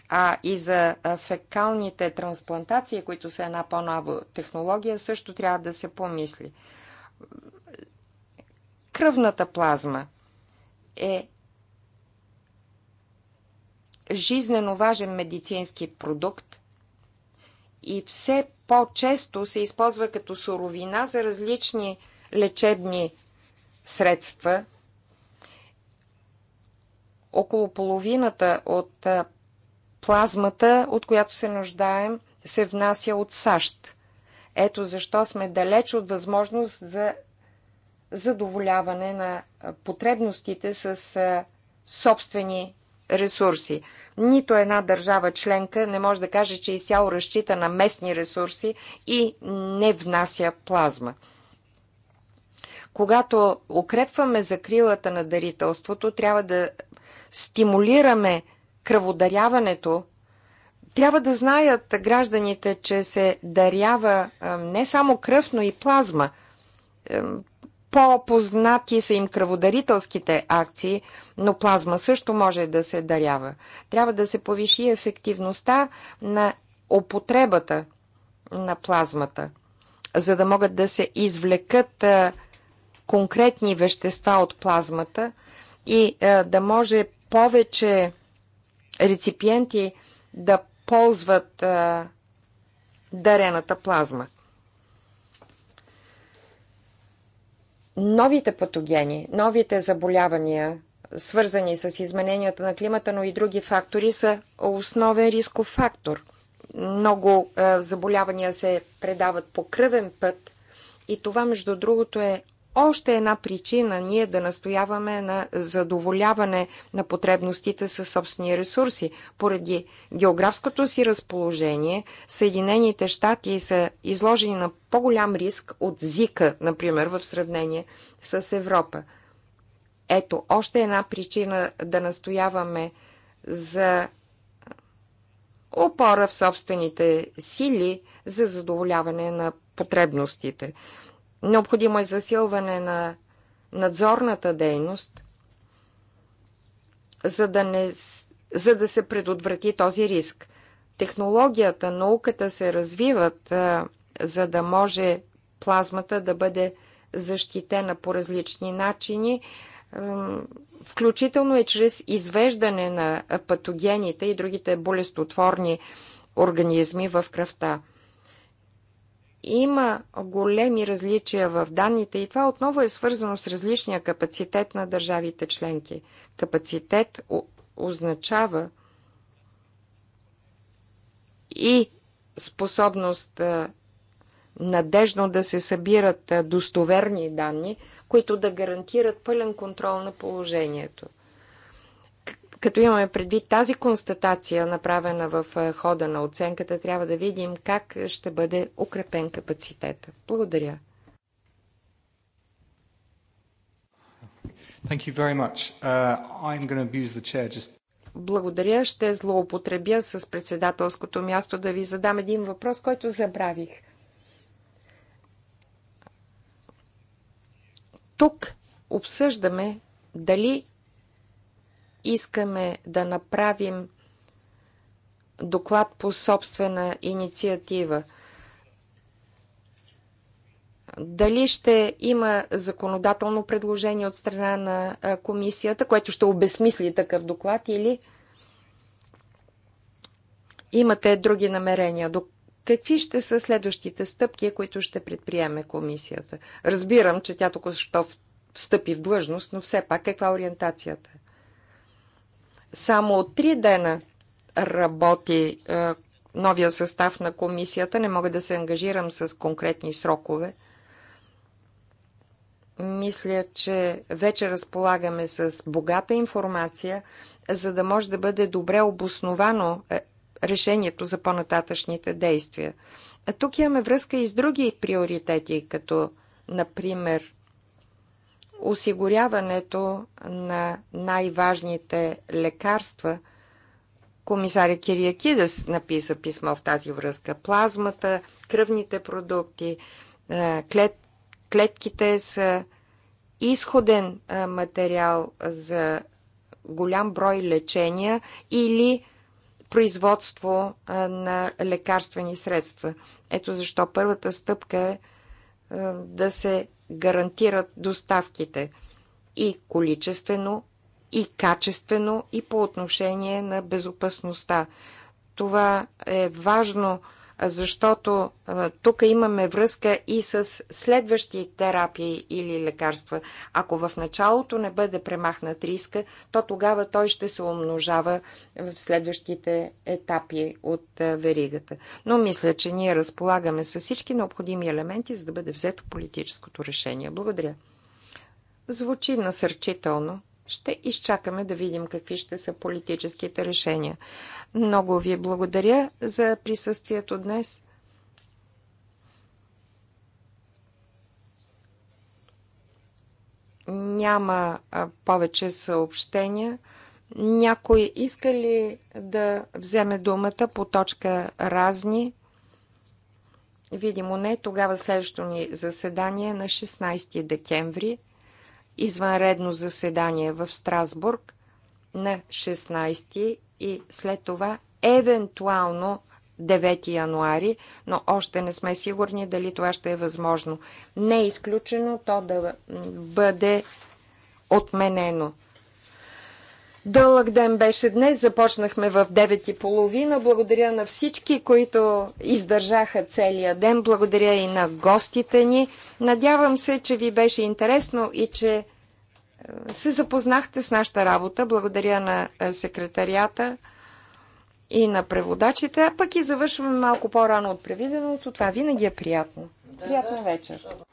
А и за фекалните трансплантации, които са една по-нова технология, също трябва да се помисли. Кръвната плазма е жизнено важен медицински продукт – и все по-често се използва като суровина за различни лечебни средства. Около половината от плазмата, от която се нуждаем, се внася от САЩ. Ето защо сме далеч от възможност за задоволяване на потребностите с собствени ресурси. Нито една държава членка не може да каже, че изцяло разчита на местни ресурси и не внася плазма. Когато укрепваме закрилата на дарителството, трябва да стимулираме кръводаряването трябва да знаят гражданите, че се дарява не само кръв, но и плазма по-познати са им кръводарителските акции, но плазма също може да се дарява. Трябва да се повиши ефективността на употребата на плазмата, за да могат да се извлекат конкретни вещества от плазмата и да може повече реципиенти да ползват дарената плазма. новите патогени, новите заболявания, свързани с измененията на климата, но и други фактори, са основен рисков фактор. Много е, заболявания се предават по кръвен път и това, между другото, е още една причина ние да настояваме на задоволяване на потребностите със собствени ресурси. Поради географското си разположение, Съединените щати са изложени на по-голям риск от Зика, например, в сравнение с Европа. Ето, още една причина да настояваме за опора в собствените сили за задоволяване на потребностите. Необходимо е засилване на надзорната дейност, за да, не, за да се предотврати този риск. Технологията, науката се развиват, за да може плазмата да бъде защитена по различни начини, включително и чрез извеждане на патогените и другите болестотворни организми в кръвта има големи различия в данните и това отново е свързано с различния капацитет на държавите членки. Капацитет означава и способност надежно да се събират достоверни данни, които да гарантират пълен контрол на положението – като имаме предвид тази констатация, направена в е, хода на оценката, трябва да видим как ще бъде укрепен капацитета. Благодаря. Thank you very much. Uh, I'm going to abuse the chair just благодаря. Ще злоупотребя с председателското място да ви задам един въпрос, който забравих. Тук обсъждаме дали искаме да направим доклад по собствена инициатива. Дали ще има законодателно предложение от страна на комисията, което ще обесмисли такъв доклад или имате други намерения? До какви ще са следващите стъпки, които ще предприеме комисията? Разбирам, че тя току-що встъпи в длъжност, но все пак каква е ориентацията е? Само от три дена работи е, новия състав на комисията. Не мога да се ангажирам с конкретни срокове. Мисля, че вече разполагаме с богата информация, за да може да бъде добре обосновано е, решението за по-нататъчните действия. А тук имаме връзка и с други приоритети, като например осигуряването на най-важните лекарства. Комисаря Кириакидес написа писмо в тази връзка. Плазмата, кръвните продукти, е, клет, клетките са изходен е, материал за голям брой лечения или производство е, на лекарствени средства. Ето защо първата стъпка е да се гарантират доставките и количествено, и качествено, и по отношение на безопасността. Това е важно защото тук имаме връзка и с следващи терапии или лекарства. Ако в началото не бъде премахнат риска, то тогава той ще се умножава в следващите етапи от веригата. Но мисля, че ние разполагаме с всички необходими елементи, за да бъде взето политическото решение. Благодаря. Звучи насърчително ще изчакаме да видим какви ще са политическите решения. Много ви благодаря за присъствието днес. Няма повече съобщения. Някой иска ли да вземе думата по точка разни? Видимо не. Тогава следващото ни заседание е на 16 декември извънредно заседание в Страсбург на 16 и след това евентуално 9 януари, но още не сме сигурни дали това ще е възможно. Не е изключено то да бъде отменено. Дълъг ден беше днес, започнахме в 9.30. Благодаря на всички, които издържаха целия ден. Благодаря и на гостите ни. Надявам се, че ви беше интересно и че е, се запознахте с нашата работа. Благодаря на е, секретарията и на преводачите, а пък и завършваме малко по-рано от превиденото. Това винаги е приятно. Да, Приятна да, вечер.